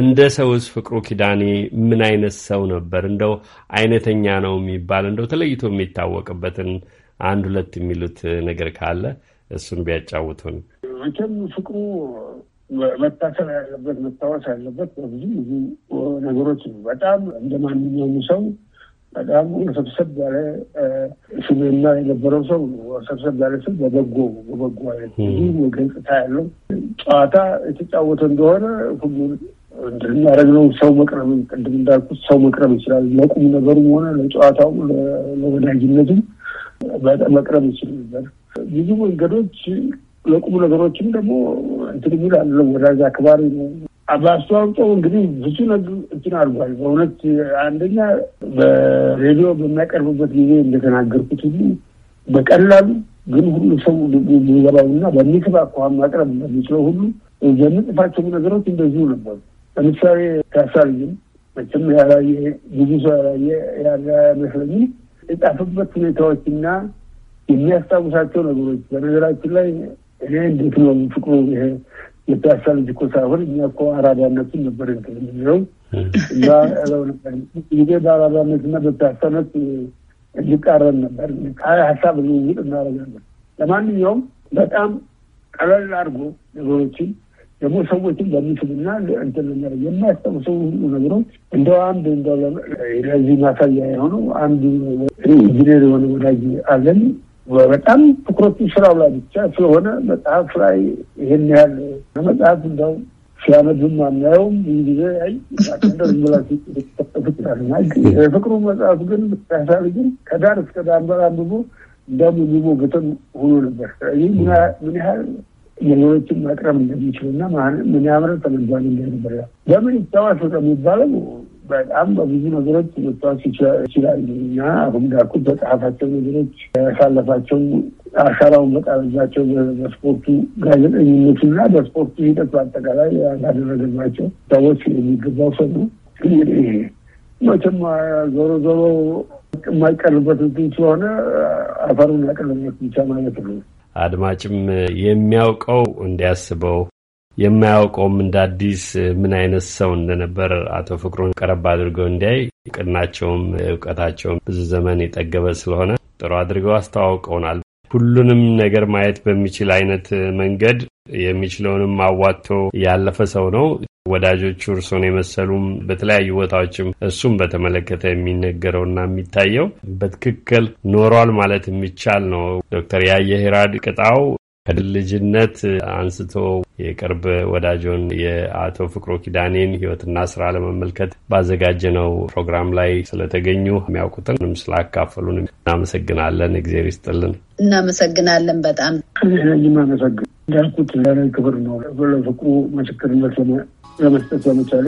እንደ ሰውስ ፍቅሩ ኪዳኔ ምን አይነት ሰው ነበር? እንደው አይነተኛ ነው የሚባል እንደው ተለይቶ የሚታወቅበትን አንድ ሁለት የሚሉት ነገር ካለ እሱን ቢያጫውቱን። መቼም ፍቅሩ መታሰብ ያለበት መታወስ ያለበት በብዙ ብዙ ነገሮች ነው። በጣም እንደ ማንኛውም ሰው በጣም ሰብሰብ ያለ ስብዕና የነበረው ሰው ሰብሰብ ያለ ስል በበጎ በበጎ አይነት ብዙ ገጽታ ያለው ጨዋታ የተጫወተ እንደሆነ ሁሉ እንደሚያደረግ ነው። ሰው መቅረብ ቅድም እንዳልኩት ሰው መቅረብ ይችላል። ለቁም ነገሩም ሆነ ለጨዋታውም ለወዳጅነቱም መቅረብ ይችል ነበር። ብዙ መንገዶች ለቁም ነገሮችም ደግሞ እንትን ሚል አለው ወዳጅ አክባሪ ነው። አባስተዋውጦ እንግዲህ ብዙ ነገር እንትን አድርጓል። በእውነት አንደኛ በሬዲዮ በሚያቀርብበት ጊዜ እንደተናገርኩት ሁሉ በቀላሉ ግን ሁሉ ሰው ሚገባውና በሚክብ አኳኋን ማቅረብ እንደሚችለው ሁሉ የምጽፋቸው ነገሮች እንደዚሁ ነበሩ። ለምሳሌ ታሳልም መቼም ያላየ ብዙ ሰው ያላየ ያለ አይመስለኝም። የጻፈበት ሁኔታዎችና የሚያስታውሳቸው ነገሮች በነገራችን ላይ ይሄ እንዴት ነው ፍቅሩ? ይሄ የፒያሳ ልጅ እኮ ሳይሆን እኛ እኮ አራዳነቱን ነበር የሚለው እና ጊዜ በአራዳነትና በፒያሳነት እንዲቃረን ነበር ከሀያ ሀሳብ ልውውጥ እናደርጋለን። ለማንኛውም በጣም ቀለል አድርጎ ነገሮችን ደግሞ ሰዎችን በሚስብና እንትን የሚያስጠው ሰው ሁሉ ነገሮች እንደው አንድ እንደ ለዚህ ማሳያ የሆነው አንዱ ኢንጂኔር የሆነ ወዳጅ አለን በጣም ትኩረቱ ስራው ላይ ብቻ ስለሆነ መጽሐፍ ላይ ይህን ያህል መጽሐፍ እንደው ሲያመዝም አናየውም። ይህ ጊዜ የፍቅሩ መጽሐፍ ግን ሳሳል ግን ከዳር እስከ ዳንበር አንብቦ እንደሙዚሙ ግጥም ሆኖ ነበር። ስለዚህ ምን ያህል ነገሮችን ማቅረብ እንደሚችል እና ምን ያምረ ተመዛል እንደነበር ለምን ይታወስ የሚባለው በጣም በብዙ ነገሮች መታወስ ይችላሉ እና አሁን እንዳልኩት በጻፋቸው ነገሮች ያሳለፋቸው አሻራውን በጣበዛቸው በስፖርቱ ጋዜጠኝነቱና በስፖርቱ ሂደት በአጠቃላይ ያላደረገባቸው ሰዎች የሚገባው ሰው ነው። እንግዲህ መቼም ዞሮ ዞሮ የማይቀርበት እንትን ስለሆነ አፈሩን ያቀርበት ብቻ ማለት ነው። አድማጭም የሚያውቀው እንዲያስበው የማያውቀውም እንደ አዲስ ምን አይነት ሰው እንደነበር አቶ ፍቅሩን ቀረብ አድርገው እንዲያይ እውቅናቸውም እውቀታቸውም ብዙ ዘመን የጠገበ ስለሆነ ጥሩ አድርገው አስተዋውቀውናል። ሁሉንም ነገር ማየት በሚችል አይነት መንገድ የሚችለውንም አዋጥቶ ያለፈ ሰው ነው። ወዳጆቹ እርሶን የመሰሉም በተለያዩ ቦታዎችም እሱም በተመለከተ የሚነገረውና የሚታየው በትክክል ኖሯል ማለት የሚቻል ነው። ዶክተር ያየ ሄራድ ቅጣው ከልጅነት አንስቶ የቅርብ ወዳጆን የአቶ ፍቅሮ ኪዳኔን ህይወትና ስራ ለመመልከት ባዘጋጀ ነው ፕሮግራም ላይ ስለተገኙ የሚያውቁትንም ስላካፈሉን እናመሰግናለን። እግዜር ይስጥልን። እናመሰግናለን። በጣም ይመሰግ እንዳልኩት ለእኔ ክብር ነው። ለፍቅሩ ምስክርነት ለመስጠት በመቻለ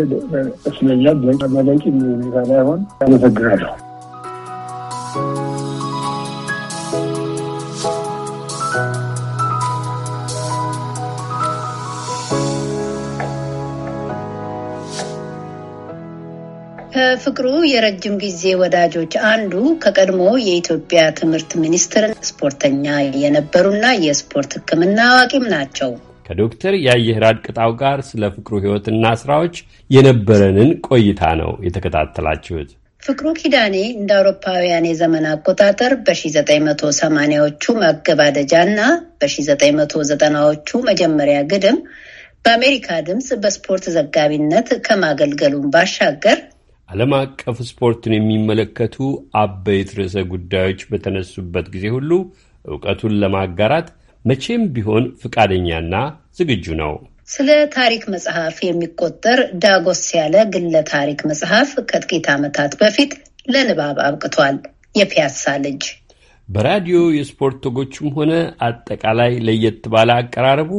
እስለኛ ይለኛል። ሁኔታ ላይሆን አመሰግናለሁ። ከፍቅሩ የረጅም ጊዜ ወዳጆች አንዱ ከቀድሞ የኢትዮጵያ ትምህርት ሚኒስትር ስፖርተኛ የነበሩና የስፖርት ሕክምና አዋቂም ናቸው። ከዶክተር የአየህራድ ቅጣው ጋር ስለ ፍቅሩ ሕይወትና ስራዎች የነበረንን ቆይታ ነው የተከታተላችሁት። ፍቅሩ ኪዳኔ እንደ አውሮፓውያን የዘመን አቆጣጠር በ1980ዎቹ መገባደጃ እና በ1990ዎቹ መጀመሪያ ግድም በአሜሪካ ድምፅ በስፖርት ዘጋቢነት ከማገልገሉን ባሻገር ዓለም አቀፍ ስፖርትን የሚመለከቱ አበይት ርዕሰ ጉዳዮች በተነሱበት ጊዜ ሁሉ እውቀቱን ለማጋራት መቼም ቢሆን ፈቃደኛና ዝግጁ ነው። ስለ ታሪክ መጽሐፍ የሚቆጠር ዳጎስ ያለ ግለ ታሪክ መጽሐፍ ከጥቂት ዓመታት በፊት ለንባብ አብቅቷል። የፒያሳ ልጅ በራዲዮ የስፖርት ወጎችም ሆነ አጠቃላይ ለየት ባለ አቀራረቡ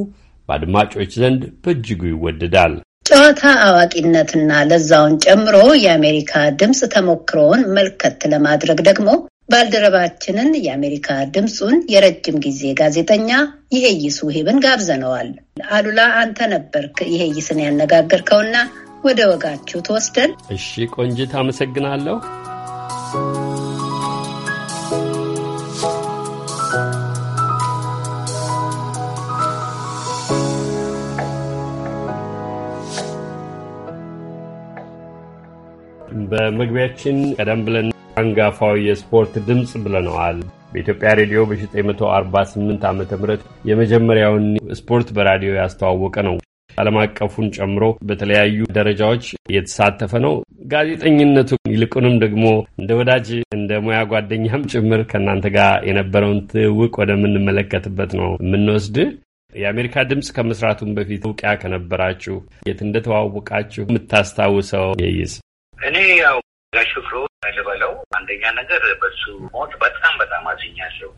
በአድማጮች ዘንድ በእጅጉ ይወደዳል። ጨዋታ አዋቂነትና ለዛውን ጨምሮ የአሜሪካ ድምፅ ተሞክሮውን መልከት ለማድረግ ደግሞ ባልደረባችንን የአሜሪካ ድምፁን የረጅም ጊዜ ጋዜጠኛ ይሄይስ ውሂብን ጋብዘነዋል። አሉላ አንተ ነበርክ ይሄይስን ያነጋገርከውና ወደ ወጋችሁ ተወስደን። እሺ ቆንጅት፣ አመሰግናለሁ። በመግቢያችን ቀደም ብለን አንጋፋዊ የስፖርት ድምፅ ብለነዋል። በኢትዮጵያ ሬዲዮ በ1948 ዓ ም የመጀመሪያውን ስፖርት በራዲዮ ያስተዋወቀ ነው። ዓለም አቀፉን ጨምሮ በተለያዩ ደረጃዎች የተሳተፈ ነው። ጋዜጠኝነቱ ይልቁንም ደግሞ እንደ ወዳጅ እንደ ሙያ ጓደኛም ጭምር ከእናንተ ጋር የነበረውን ትውውቅ ወደምንመለከትበት ነው የምንወስድ። የአሜሪካ ድምፅ ከመስራቱም በፊት እውቅያ ከነበራችሁ የት እንደተዋወቃችሁ የምታስታውሰው ይይዝ እኔ ያው ጋሽ ፍቅሩ ልበለው አንደኛ ነገር በሱ ሞት በጣም በጣም አዝኛለሁ።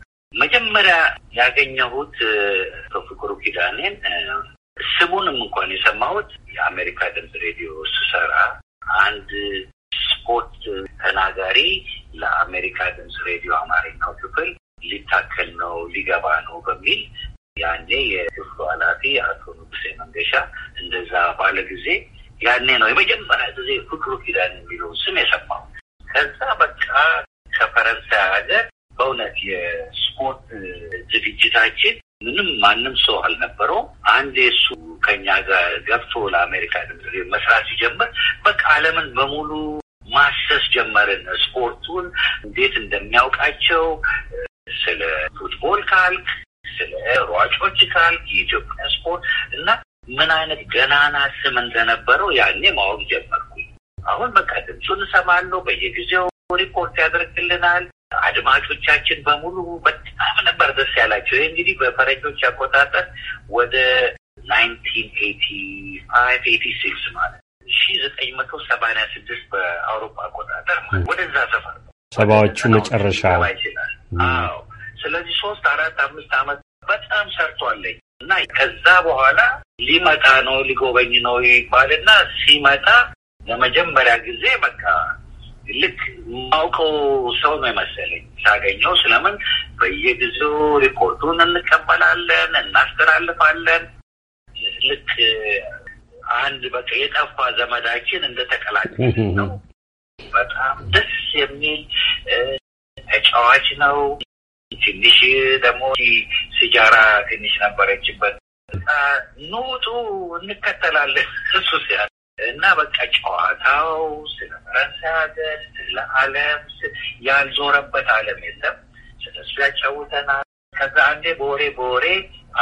መጀመሪያ ያገኘሁት በፍቅሩ ኪዳኔን ስሙንም እንኳን የሰማሁት የአሜሪካ ድምፅ ሬዲዮ ስሰራ አንድ ስፖርት ተናጋሪ ለአሜሪካ ድምፅ ሬዲዮ አማርኛው ክፍል ሊታከል ነው ሊገባ ነው በሚል ያኔ የክፍሉ ኃላፊ አቶ ንጉሴ መንገሻ እንደዛ ባለ ጊዜ ያኔ ነው የመጀመሪያ ጊዜ ፍቅሩ ኪዳን የሚለው ስም የሰማው። ከዛ በቃ ከፈረንሳይ ሀገር በእውነት የስፖርት ዝግጅታችን ምንም ማንም ሰው አልነበረው። አንዴ እሱ ከኛ ጋር ገብቶ ለአሜሪካ ድምፅ መስራት ሲጀምር በቃ ዓለምን በሙሉ ማሰስ ጀመርን። ስፖርቱን እንዴት እንደሚያውቃቸው ስለ ፉትቦል ካልክ ስለ ሯጮች ካልክ የኢትዮጵያ ስፖርት እና ምን አይነት ገናና ስም እንደነበረው ያኔ ማወቅ ጀመርኩኝ። አሁን በቃ ድምፁን እሰማለሁ። በየጊዜው ሪፖርት ያደርግልናል። አድማጮቻችን በሙሉ በጣም ነበር ደስ ያላቸው። ይህ እንግዲህ በፈረንጆች አቆጣጠር ወደ ናይንቲን ኤቲ ፋይቭ ኤቲ ሲክስ ማለት ሺ ዘጠኝ መቶ ሰማንያ ስድስት በአውሮፓ አቆጣጠር ወደዛ ሰፈር ሰባዎቹ መጨረሻ ይችላል። ስለዚህ ሶስት አራት አምስት አመት በጣም ሰርቷለኝ እና ከዛ በኋላ ሊመጣ ነው ሊጎበኝ ነው ይባልና ሲመጣ ለመጀመሪያ ጊዜ በቃ ልክ የማውቀው ሰው ነው የመሰለኝ ሳገኘው። ስለምን በየጊዜው ሪፖርቱን እንቀበላለን፣ እናስተላልፋለን። ልክ አንድ በቃ የጠፋ ዘመዳችን እንደተቀላቀለ ነው። በጣም ደስ የሚል ተጫዋች ነው። ትንሽ ደግሞ ሲጃራ ትንሽ ነበረችበት ኑጡ እንከተላለን [LAUGHS] እሱ ሲያ እና በቃ ጨዋታው ስለ ፈረንሳይ ሀገር፣ ስለ ዓለም ያልዞረበት ዓለም የለም። ስለሱ ያጫውተናል። ከዛ አንዴ በወሬ በወሬ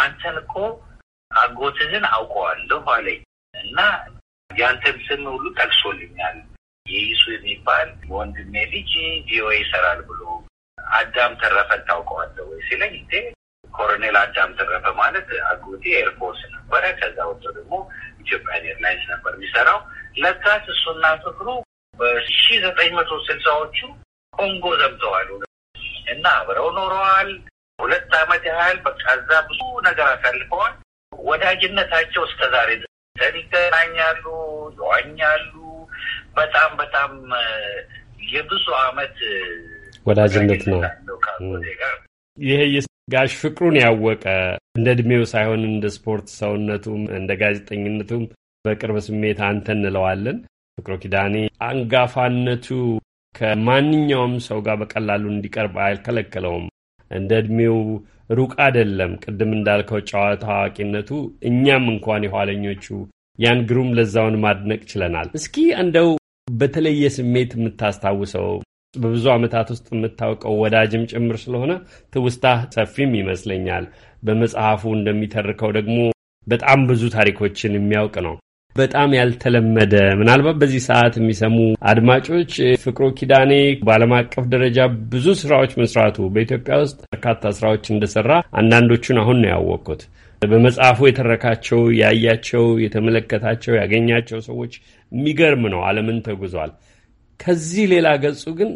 አንተን እኮ አጎትህን አውቀዋለሁ አለኝ እና ያንተን ስም ሁሉ ጠቅሶልኛል። የይሱ የሚባል ወንድሜ ልጅ ቪኦኤ ይሰራል ብሎ አዳም ተረፈን ታውቀዋለህ ወይ ሲለኝ እንዴ ኮሎኔል አዳም ተረፈ ማለት አጎቴ ኤርፎርስ ነበረ። ከዛ ወጥቶ ደግሞ ኢትዮጵያን ኤርላይንስ ነበር የሚሰራው። ለካስ እሱና ፍቅሩ በሺ ዘጠኝ መቶ ስልሳዎቹ ኮንጎ ዘምተዋል እና አብረው ኖረዋል። ሁለት አመት ያህል በቃ እዛ ብዙ ነገር አሳልፈዋል። ወዳጅነታቸው እስከ ዛሬ ድረስ ይዋኛሉ። በጣም በጣም የብዙ አመት ወዳጅነት ነው። ይሄ የጋሽ ፍቅሩን ያወቀ እንደ እድሜው ሳይሆን እንደ ስፖርት ሰውነቱም እንደ ጋዜጠኝነቱም በቅርብ ስሜት አንተ እንለዋለን። ፍቅሮ ኪዳኔ አንጋፋነቱ ከማንኛውም ሰው ጋር በቀላሉ እንዲቀርብ አልከለከለውም። እንደ እድሜው ሩቅ አደለም። ቅድም እንዳልከው ጨዋታ አዋቂነቱ እኛም እንኳን የኋለኞቹ ያን ግሩም ለዛውን ማድነቅ ችለናል። እስኪ እንደው በተለየ ስሜት የምታስታውሰው በብዙ ዓመታት ውስጥ የምታውቀው ወዳጅም ጭምር ስለሆነ ትውስታህ ሰፊም ይመስለኛል። በመጽሐፉ እንደሚተርከው ደግሞ በጣም ብዙ ታሪኮችን የሚያውቅ ነው። በጣም ያልተለመደ ምናልባት በዚህ ሰዓት የሚሰሙ አድማጮች ፍቅሩ ኪዳኔ በዓለም አቀፍ ደረጃ ብዙ ስራዎች መስራቱ በኢትዮጵያ ውስጥ በርካታ ስራዎች እንደሰራ አንዳንዶቹን አሁን ነው ያወቅኩት። በመጽሐፉ የተረካቸው፣ ያያቸው፣ የተመለከታቸው፣ ያገኛቸው ሰዎች የሚገርም ነው። ዓለምን ተጉዟል። ከዚህ ሌላ ገጹ ግን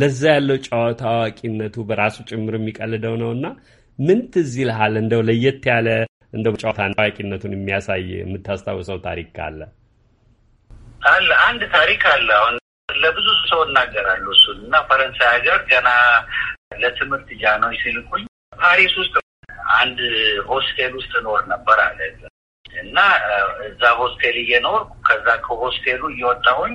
ለዛ ያለው ጨዋታ አዋቂነቱ በራሱ ጭምር የሚቀልደው ነው እና ምን ትዝ ይልሃል? እንደው ለየት ያለ እንደው ጨዋታ አዋቂነቱን የሚያሳይ የምታስታውሰው ታሪክ ካለ? አለ አንድ ታሪክ አለ። አሁን ለብዙ ሰው እናገራሉ እሱን እና ፈረንሳይ ሀገር ገና ለትምህርት ነው ሲልኩኝ ፓሪስ ውስጥ አንድ ሆስቴል ውስጥ እኖር ነበር አለ እና እዛ ሆስቴል እየኖር ከዛ ከሆስቴሉ እየወጣሁኝ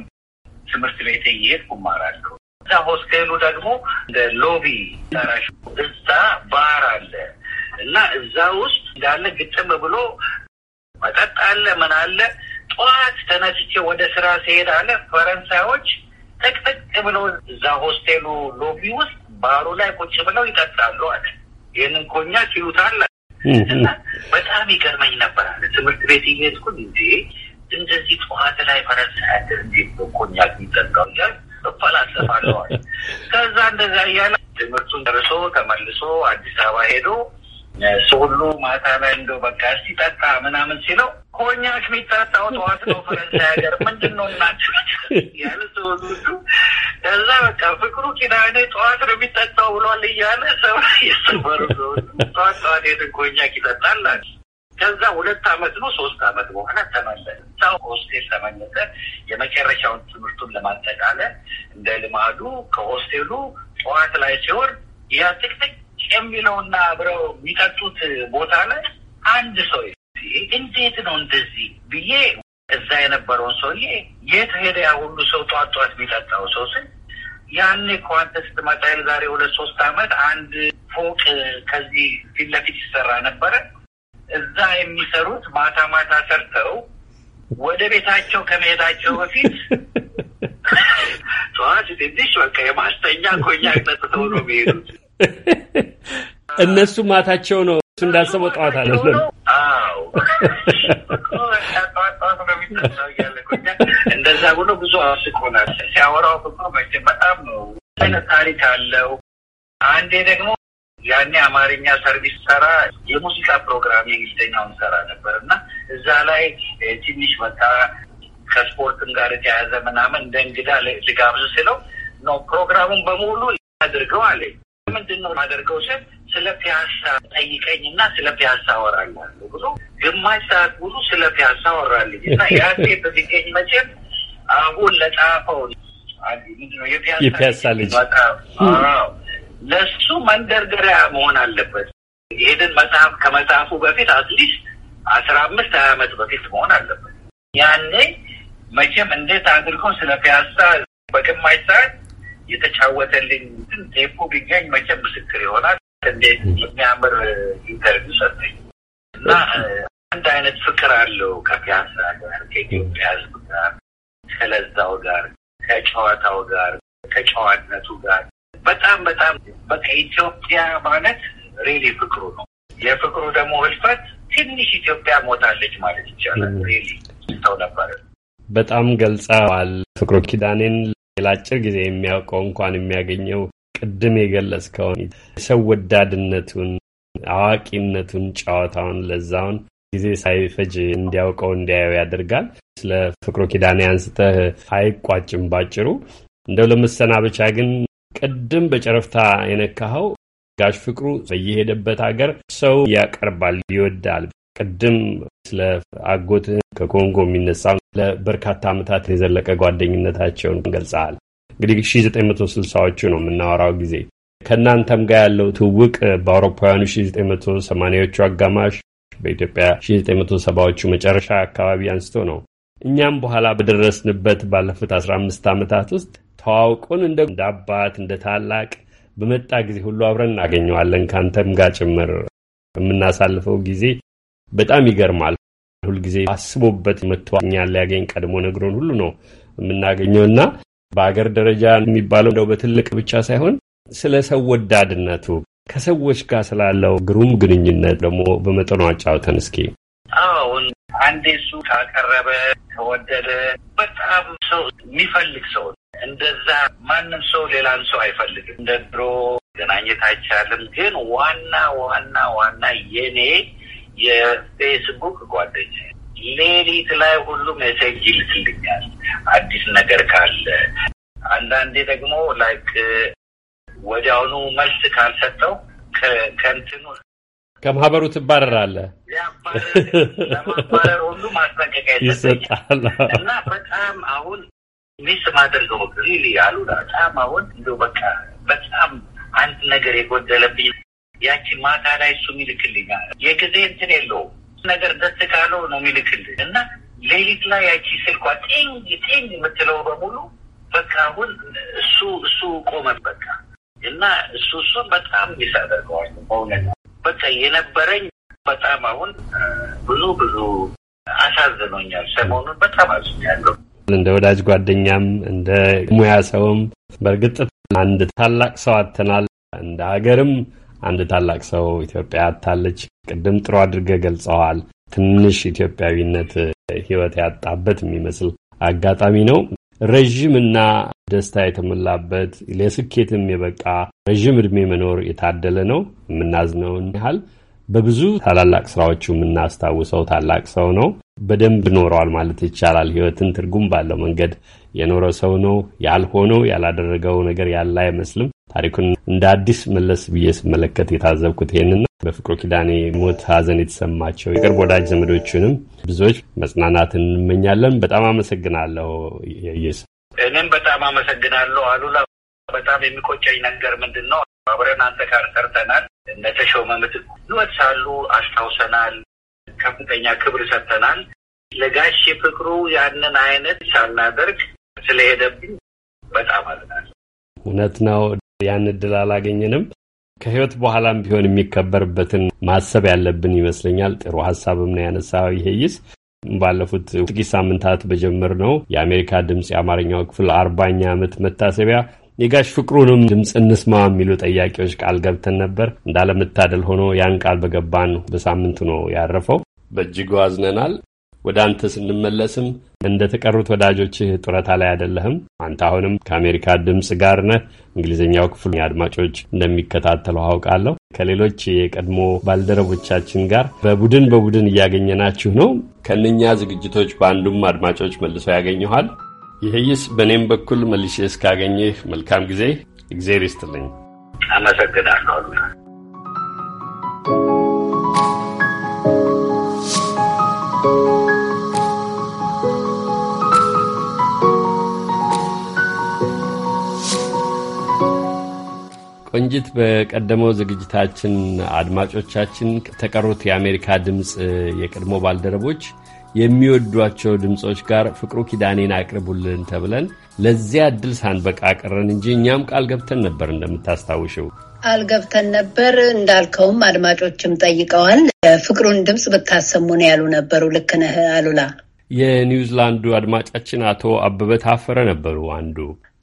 ትምህርት ቤት እየሄድኩ እማራለሁ። እዛ ሆስቴሉ ደግሞ እንደ ሎቢ ጠራሽ እዛ ባር አለ እና እዛ ውስጥ እንዳለ ግጥም ብሎ መጠጥ አለ ምን አለ። ጠዋት ተነስቼ ወደ ስራ ሲሄድ አለ ፈረንሳዮች ጥቅጥቅ ብለው እዛ ሆስቴሉ ሎቢ ውስጥ ባሩ ላይ ቁጭ ብለው ይጠጣሉ አለ። ይህንን ኮኛ ችሉታል እና በጣም ይገርመኝ ነበር አለ ትምህርት ቤት እየሄድኩ እንዴ እንደዚህ ጠዋት ላይ ፈረስ ሳያድር እንዴት ነው ኮኛክ የሚጠጣው እያል እፈላሰፋለዋል። ከዛ እንደዛ እያለ ትምህርቱን ደርሶ ተመልሶ አዲስ አበባ ሄዶ እሱ ሁሉ ማታ ላይ እንደው በቃ እስኪ ምናምን ሲለው ኮኛክ የሚጠጣው ጠዋት ነው ፈረንሳይ ሀገር ምንድን ነው እናችሁ ያለ ሰወዙ ከዛ በቃ ፍቅሩ ኪዳኔ ጠዋት ነው የሚጠጣው ብሏል እያለ ሰው የሰበሩ ሰው ጠዋት ጠዋት ሄድን ኮኛክ ይጠጣል አለ። ከዛ ሁለት አመት ነው ሶስት አመት በኋላ ተመለሰ። እዛው ሆስቴል ተመለሰ። የመጨረሻውን ትምህርቱን ለማጠቃለል እንደ ልማዱ ከሆስቴሉ ጠዋት ላይ ሲሆን ያ ጥቅጥቅ የሚለውና አብረው የሚጠጡት ቦታ ላይ አንድ ሰው እንዴት ነው እንደዚህ ብዬ እዛ የነበረውን ሰውዬ የት ሄደ ያ ሁሉ ሰው ጠዋት ጠዋት የሚጠጣው ሰው ስል ያኔ ከዋንተ ስትመጣ የዛሬ ሁለት ሶስት አመት አንድ ፎቅ ከዚህ ፊት ለፊት ይሰራ ነበረ እዛ የሚሰሩት ማታ ማታ ሰርተው ወደ ቤታቸው ከመሄዳቸው በፊት [LAUGHS] ጠዋት ትንሽ በቃ የማስተኛ ኮኛ ጠጥተው ነው የሚሄዱት። እነሱ ማታቸው ነው እሱ እንዳሰበው ጠዋት አለ። አዎ ነው እንደዛ ብሎ ብዙ አስቆናል ሲያወራው ብሎ በጣም ነው ታሪክ አለው። አንዴ ደግሞ ያኔ አማርኛ ሰርቪስ ሰራ የሙዚቃ ፕሮግራም የእንግሊዝኛውን ሰራ ነበር እና እዛ ላይ ትንሽ በቃ ከስፖርትም ጋር የተያያዘ ምናምን እንደ እንግዳ ልጋብዝ ስለው ኖ ፕሮግራሙን በሙሉ አድርገው አለ። ምንድን ነው አደርገው ስል ስለ ፒያሳ ጠይቀኝ እና ስለ ፒያሳ አወራለሁ ብሎ ግማሽ ሰዓት ብዙ ስለ ፒያሳ አወራልኝ እና [LAUGHS] ያ በሚገኝ መቼም አሁን ለጻፈው ምንድን የፒያሳ ልጅ ለሱ መንደርደሪያ መሆን አለበት። ይህንን መጽሐፍ ከመጽሐፉ በፊት አትሊስት አስራ አምስት ሀያ ዓመት በፊት መሆን አለበት። ያኔ መቼም እንዴት አድርጎ ስለ ፒያሳ በግማሽ ሰዓት የተጫወተልኝ ቴፑ ቢገኝ መቼም ምስክር ይሆናል። እንዴት የሚያምር ኢንተርቪው ሰጠኝ እና አንድ አይነት ፍቅር አለው ከፒያሳ ጋር፣ ከኢትዮጵያ ሕዝብ ጋር፣ ከለዛው ጋር፣ ከጨዋታው ጋር፣ ከጨዋነቱ ጋር በጣም በጣም በቃ ኢትዮጵያ ማለት ሬሊ ፍቅሩ ነው። የፍቅሩ ደግሞ ህልፈት ትንሽ ኢትዮጵያ ሞታለች ማለት ይቻላል። ሬሊ ሰው ነበር። በጣም ገልጸዋል። ፍቅሩ ኪዳኔን ለአጭር ጊዜ የሚያውቀው እንኳን የሚያገኘው ቅድም የገለጽከውን ሰው ወዳድነቱን፣ አዋቂነቱን፣ ጨዋታውን፣ ለዛውን ጊዜ ሳይፈጅ እንዲያውቀው እንዲያየው ያደርጋል። ስለ ፍቅሩ ኪዳኔ አንስተህ አይቋጭም ባጭሩ። እንደው ለመሰናበቻ ግን ቅድም በጨረፍታ የነካኸው ጋሽ ፍቅሩ በየሄደበት ሀገር ሰው ያቀርባል፣ ይወዳል። ቅድም ስለ አጎትህ ከኮንጎ የሚነሳው ለበርካታ ዓመታት የዘለቀ ጓደኝነታቸውን ገልጸሃል። እንግዲህ 1960ዎቹ ነው የምናወራው ጊዜ ከእናንተም ጋር ያለው ትውውቅ በአውሮፓውያኑ 1980ዎቹ አጋማሽ በኢትዮጵያ 1970ዎቹ መጨረሻ አካባቢ አንስቶ ነው። እኛም በኋላ በደረስንበት ባለፉት 15 ዓመታት ውስጥ ተዋውቁን እንደ አባት እንደ ታላቅ በመጣ ጊዜ ሁሉ አብረን እናገኘዋለን። ከአንተም ጋር ጭምር የምናሳልፈው ጊዜ በጣም ይገርማል። ሁልጊዜ አስቦበት መጥቶ እኛን ሊያገኝ ቀድሞ ነግሮን ሁሉ ነው የምናገኘውና በአገር ደረጃ የሚባለው እንደው በትልቅ ብቻ ሳይሆን ስለ ሰው ወዳድነቱ ከሰዎች ጋር ስላለው ግሩም ግንኙነት ደግሞ በመጠኑ አጫውተን እስኪ። አሁን አንዴ እሱ ካቀረበ ከወደደ በጣም ሰው የሚፈልግ ሰው እንደዛ ማንም ሰው ሌላን ሰው አይፈልግም። እንደ ድሮ ገናኘት አይቻልም፣ ግን ዋና ዋና ዋና የኔ የፌስቡክ ጓደኛ ሌሊት ላይ ሁሉ ሜሴጅ ይልክልኛል አዲስ ነገር ካለ። አንዳንዴ ደግሞ ላይክ ወዲያውኑ መልስ ካልሰጠው ከንትኑ ከማህበሩ ትባረራለህ፣ ለማባረር ሁሉ ማስጠንቀቂያ ይሰጣል እና በጣም አሁን ሚስ ማደርገው ሪሊ አሉ በጣም አሁን እንደ በቃ በጣም አንድ ነገር የጎደለብኝ ያቺ ማታ ላይ እሱ የሚልክልኝ የጊዜ እንትን የለው ነገር ደስ ካለው ነው የሚልክልኝ እና ሌሊት ላይ ያቺ ስልኳ ጤኝ ጤኝ የምትለው በሙሉ በቃ አሁን እሱ እሱ ቆመን በቃ እና እሱ እሱን በጣም ሚስ አደርገዋል በእውነት በቃ የነበረኝ በጣም አሁን ብዙ ብዙ አሳዝኖኛል። ሰሞኑን በጣም አዝኛለሁ። እንደ ወዳጅ ጓደኛም እንደ ሙያ ሰውም በእርግጥ አንድ ታላቅ ሰው አተናል። እንደ ሀገርም አንድ ታላቅ ሰው ኢትዮጵያ አታለች። ቅድም ጥሩ አድርገህ ገልጸዋል። ትንሽ ኢትዮጵያዊነት ሕይወት ያጣበት የሚመስል አጋጣሚ ነው። ረዥምና ደስታ የተሞላበት ለስኬትም የበቃ ረዥም እድሜ መኖር የታደለ ነው። የምናዝነውን ያህል በብዙ ታላላቅ ስራዎቹ የምናስታውሰው ታላቅ ሰው ነው። በደንብ ኖረዋል ማለት ይቻላል። ህይወትን ትርጉም ባለው መንገድ የኖረ ሰው ነው። ያልሆነው ያላደረገው ነገር ያለ አይመስልም። ታሪኩን እንደ አዲስ መለስ ብዬ ስመለከት የታዘብኩት ይሄንና በፍቅሩ ኪዳኔ ሞት ሀዘን የተሰማቸው የቅርብ ወዳጅ ዘመዶችንም ብዙዎች መጽናናትን እንመኛለን። በጣም አመሰግናለሁ። የየስ እኔም በጣም አመሰግናለሁ አሉላ። በጣም የሚቆጨኝ ነገር ምንድን ነው? አብረን አንተ ጋር ሰርተናል። እነ ተሾመ ምትኩ ሳሉ አስታውሰናል። ከፍተኛ ክብር ሰጥተናል። ለጋሽ ፍቅሩ ያንን አይነት ሳናደርግ ስለሄደብኝ በጣም አዝናለሁ። እውነት ነው። ያን እድል አላገኘንም። ከህይወት በኋላም ቢሆን የሚከበርበትን ማሰብ ያለብን ይመስለኛል። ጥሩ ሀሳብም ነው ያነሳው። ይሄይስ ባለፉት ጥቂት ሳምንታት ነው። የአሜሪካ ድምፅ የአማርኛው ክፍል አርባኛ ዓመት መታሰቢያ የጋሽ ፍቅሩንም ድምፅ እንስማ የሚሉ ጠያቂዎች ቃል ገብተን ነበር። እንዳለመታደል ሆኖ ያን ቃል በገባን በሳምንቱ ነው ያረፈው። በእጅጉ አዝነናል። ወደ አንተ ስንመለስም እንደ ተቀሩት ወዳጆችህ ጡረታ ላይ አይደለህም። አንተ አሁንም ከአሜሪካ ድምፅ ጋር ነህ። እንግሊዝኛው ክፍሉ አድማጮች እንደሚከታተለው አውቃለሁ። ከሌሎች የቀድሞ ባልደረቦቻችን ጋር በቡድን በቡድን እያገኘናችሁ ነው። ከእነኛ ዝግጅቶች በአንዱም አድማጮች መልሰው ያገኘኋል። ይህይስ በእኔም በኩል መልሼ እስካገኘህ መልካም ጊዜ። እግዜር ይስጥልኝ። አመሰግናለሁ። thank you ቆንጂት፣ በቀደመው ዝግጅታችን አድማጮቻችን ተቀሩት የአሜሪካ ድምፅ የቀድሞ ባልደረቦች የሚወዷቸው ድምፆች ጋር ፍቅሩ ኪዳኔን አቅርቡልን ተብለን ለዚያ እድል ሳንበቃ ቀረን እንጂ እኛም ቃል ገብተን ነበር። እንደምታስታውሽው ቃል ገብተን ነበር። እንዳልከውም አድማጮችም ጠይቀዋል። ፍቅሩን ድምፅ ብታሰሙን ያሉ ነበሩ። ልክ ነህ አሉላ። የኒውዚላንዱ አድማጫችን አቶ አበበ ታፈረ ነበሩ አንዱ።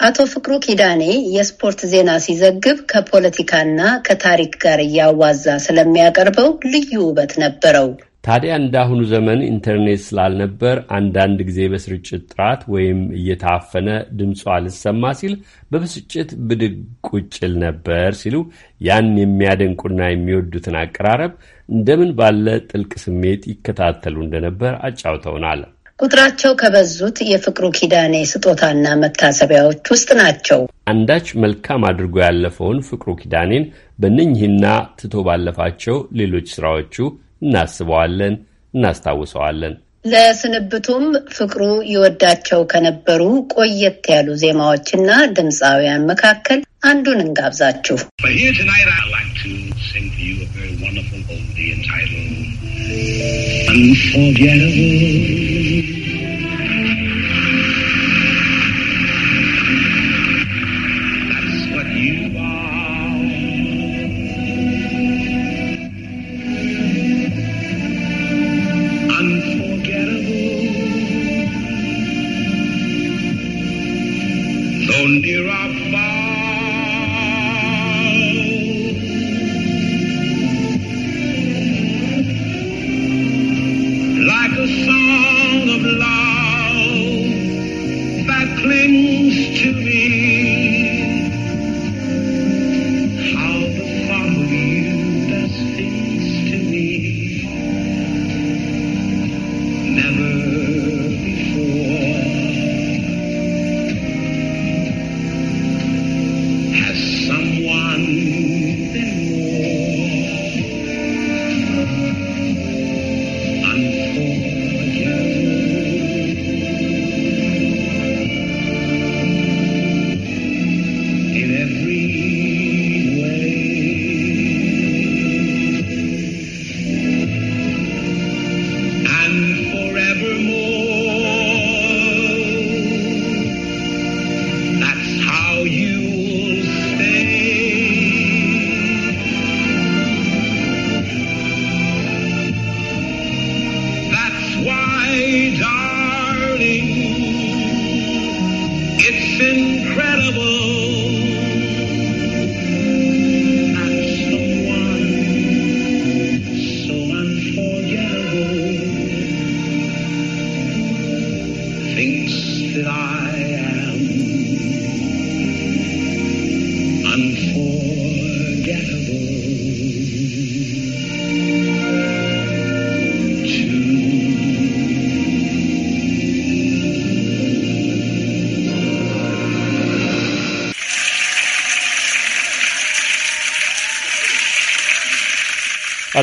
አቶ ፍቅሩ ኪዳኔ የስፖርት ዜና ሲዘግብ ከፖለቲካና ከታሪክ ጋር እያዋዛ ስለሚያቀርበው ልዩ ውበት ነበረው። ታዲያ እንዳሁኑ ዘመን ኢንተርኔት ስላልነበር አንዳንድ ጊዜ በስርጭት ጥራት ወይም እየታፈነ ድምፁ አልሰማ ሲል በብስጭት ብድግ ቁጭል ነበር ሲሉ ያን የሚያደንቁና የሚወዱትን አቀራረብ እንደምን ባለ ጥልቅ ስሜት ይከታተሉ እንደነበር አጫውተውናል። ቁጥራቸው ከበዙት የፍቅሩ ኪዳኔ ስጦታና መታሰቢያዎች ውስጥ ናቸው። አንዳች መልካም አድርጎ ያለፈውን ፍቅሩ ኪዳኔን በእነኝህና ትቶ ባለፋቸው ሌሎች ስራዎቹ እናስበዋለን፣ እናስታውሰዋለን። ለስንብቱም ፍቅሩ ይወዳቸው ከነበሩ ቆየት ያሉ ዜማዎችና ድምፃውያን መካከል አንዱን እንጋብዛችሁ። Unforgettable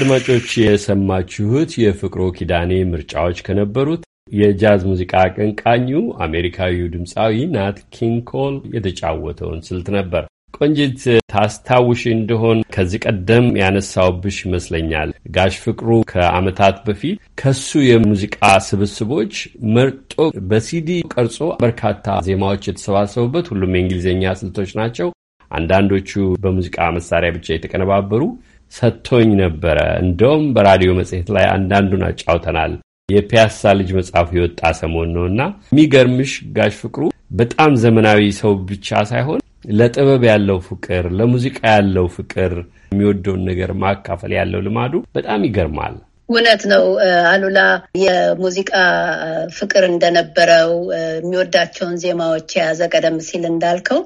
አድማጮች የሰማችሁት የፍቅሮ ኪዳኔ ምርጫዎች ከነበሩት የጃዝ ሙዚቃ አቀንቃኙ አሜሪካዊው ድምፃዊ ናት ኪንግ ኮል የተጫወተውን ስልት ነበር። ቆንጂት ታስታውሽ እንደሆን ከዚህ ቀደም ያነሳውብሽ ይመስለኛል። ጋሽ ፍቅሩ ከዓመታት በፊት ከሱ የሙዚቃ ስብስቦች መርጦ በሲዲ ቀርጾ በርካታ ዜማዎች የተሰባሰቡበት ሁሉም የእንግሊዝኛ ስልቶች ናቸው። አንዳንዶቹ በሙዚቃ መሳሪያ ብቻ የተቀነባበሩ ሰጥቶኝ ነበረ። እንደውም በራዲዮ መጽሔት ላይ አንዳንዱን አጫውተናል። የፒያሳ ልጅ መጽሐፉ የወጣ ሰሞን ነው እና የሚገርምሽ ጋሽ ፍቅሩ በጣም ዘመናዊ ሰው ብቻ ሳይሆን ለጥበብ ያለው ፍቅር፣ ለሙዚቃ ያለው ፍቅር፣ የሚወደውን ነገር ማካፈል ያለው ልማዱ በጣም ይገርማል። እውነት ነው አሉላ የሙዚቃ ፍቅር እንደነበረው የሚወዳቸውን ዜማዎች የያዘ ቀደም ሲል እንዳልከው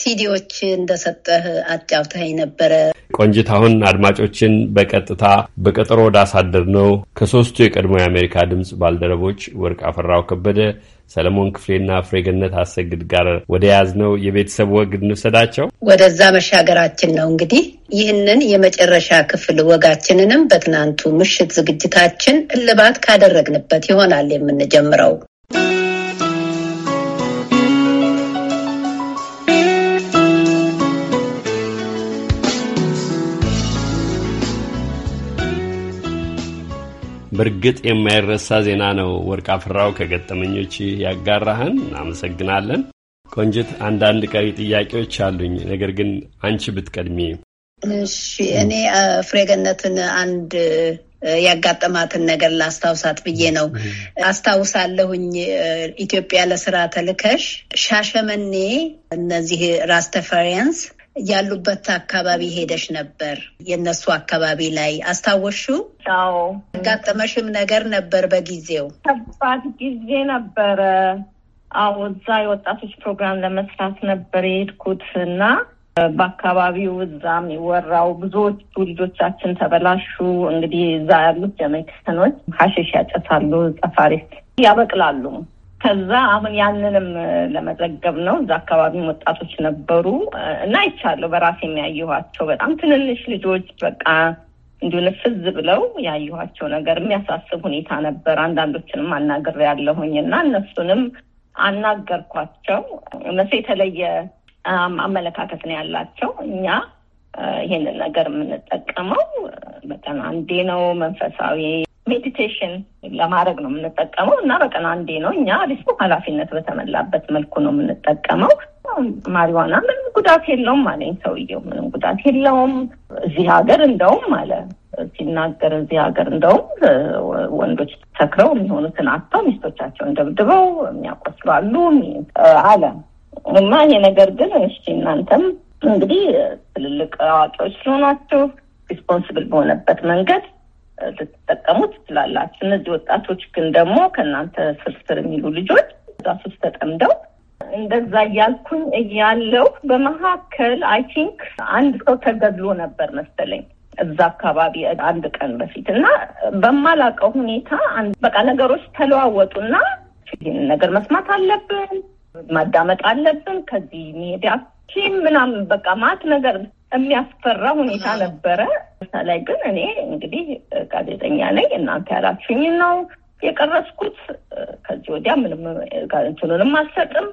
ሲዲዎች እንደሰጠህ አጫውተኸኝ ነበረ። ቆንጅት፣ አሁን አድማጮችን በቀጥታ በቀጠሮ ወዳሳደር ነው ከሶስቱ የቀድሞ የአሜሪካ ድምፅ ባልደረቦች ወርቅ አፈራው ከበደ ሰለሞን ክፍሌና ፍሬገነት አሰግድ ጋር ወደ ያዝነው የቤተሰብ ወግ እንውሰዳቸው። ወደዛ መሻገራችን ነው እንግዲህ። ይህንን የመጨረሻ ክፍል ወጋችንንም በትናንቱ ምሽት ዝግጅታችን እልባት ካደረግንበት ይሆናል የምንጀምረው። በእርግጥ የማይረሳ ዜና ነው። ወርቅ አፍራው ከገጠመኞች ያጋራህን እናመሰግናለን። ቆንጅት፣ አንዳንድ ቀሪ ጥያቄዎች አሉኝ፣ ነገር ግን አንቺ ብትቀድሚ። እሺ፣ እኔ ፍሬገነትን አንድ ያጋጠማትን ነገር ላስታውሳት ብዬ ነው። አስታውሳለሁኝ ኢትዮጵያ ለስራ ተልከሽ ሻሸመኔ እነዚህ ራስተፈሪያንስ ያሉበት አካባቢ ሄደሽ ነበር። የእነሱ አካባቢ ላይ አስታወሹ? አዎ። ያጋጠመሽም ነገር ነበር በጊዜው? ከባድ ጊዜ ነበረ። አዎ፣ እዛ የወጣቶች ፕሮግራም ለመስራት ነበር የሄድኩት እና በአካባቢው እዛ የሚወራው ብዙዎቹ ልጆቻችን ተበላሹ። እንግዲህ እዛ ያሉት ጀመይክኖች ሀሽሽ ያጨሳሉ፣ ጠፋሪስ ያበቅላሉ ከዛ አሁን ያንንም ለመዘገብ ነው። እዛ አካባቢ ወጣቶች ነበሩ እና አይቻለሁ። በራሴ የሚያየኋቸው በጣም ትንንሽ ልጆች በቃ እንዲሁ ንፍዝ ብለው ያየኋቸው ነገር የሚያሳስብ ሁኔታ ነበር። አንዳንዶችንም አናግር ያለሁኝ እና እነሱንም አናገርኳቸው። እነሱ የተለየ አመለካከት ነው ያላቸው። እኛ ይህንን ነገር የምንጠቀመው በቀን አንዴ ነው መንፈሳዊ ሜዲቴሽን ለማድረግ ነው የምንጠቀመው እና በቀን አንዴ ነው። እኛ ሪስ ኃላፊነት በተሞላበት መልኩ ነው የምንጠቀመው። ማሪዋና ምንም ጉዳት የለውም አለኝ ሰውየው። ምንም ጉዳት የለውም እዚህ ሀገር እንደውም አለ ሲናገር እዚህ ሀገር እንደውም ወንዶች ሰክረው የሚሆኑትን አጥተው ሚስቶቻቸውን ደብድበው የሚያቆስሉ አለ እና ይሄ ነገር ግን እሺ እናንተም እንግዲህ ትልልቅ አዋቂዎች ስለሆናችሁ ሪስፖንስብል በሆነበት መንገድ ልትጠቀሙት ትችላላችሁ። እነዚህ ወጣቶች ግን ደግሞ ከእናንተ ስርስር የሚሉ ልጆች እዛ ሱስ ተጠምደው እንደዛ እያልኩኝ እያለው በመካከል አይ ቲንክ አንድ ሰው ተገድሎ ነበር መሰለኝ እዛ አካባቢ አንድ ቀን በፊት እና በማላውቀው ሁኔታ በቃ ነገሮች ተለዋወጡና ይህን ነገር መስማት አለብን ማዳመጥ አለብን ከዚህ ሚዲያ ምናምን በቃ ማት ነገር የሚያስፈራ ሁኔታ ነበረ። ላይ ግን እኔ እንግዲህ ጋዜጠኛ ነኝ፣ እናንተ ያላችሁኝ ነው የቀረስኩት። ከዚህ ወዲያ ምንም እንትኑንም አልሰጥም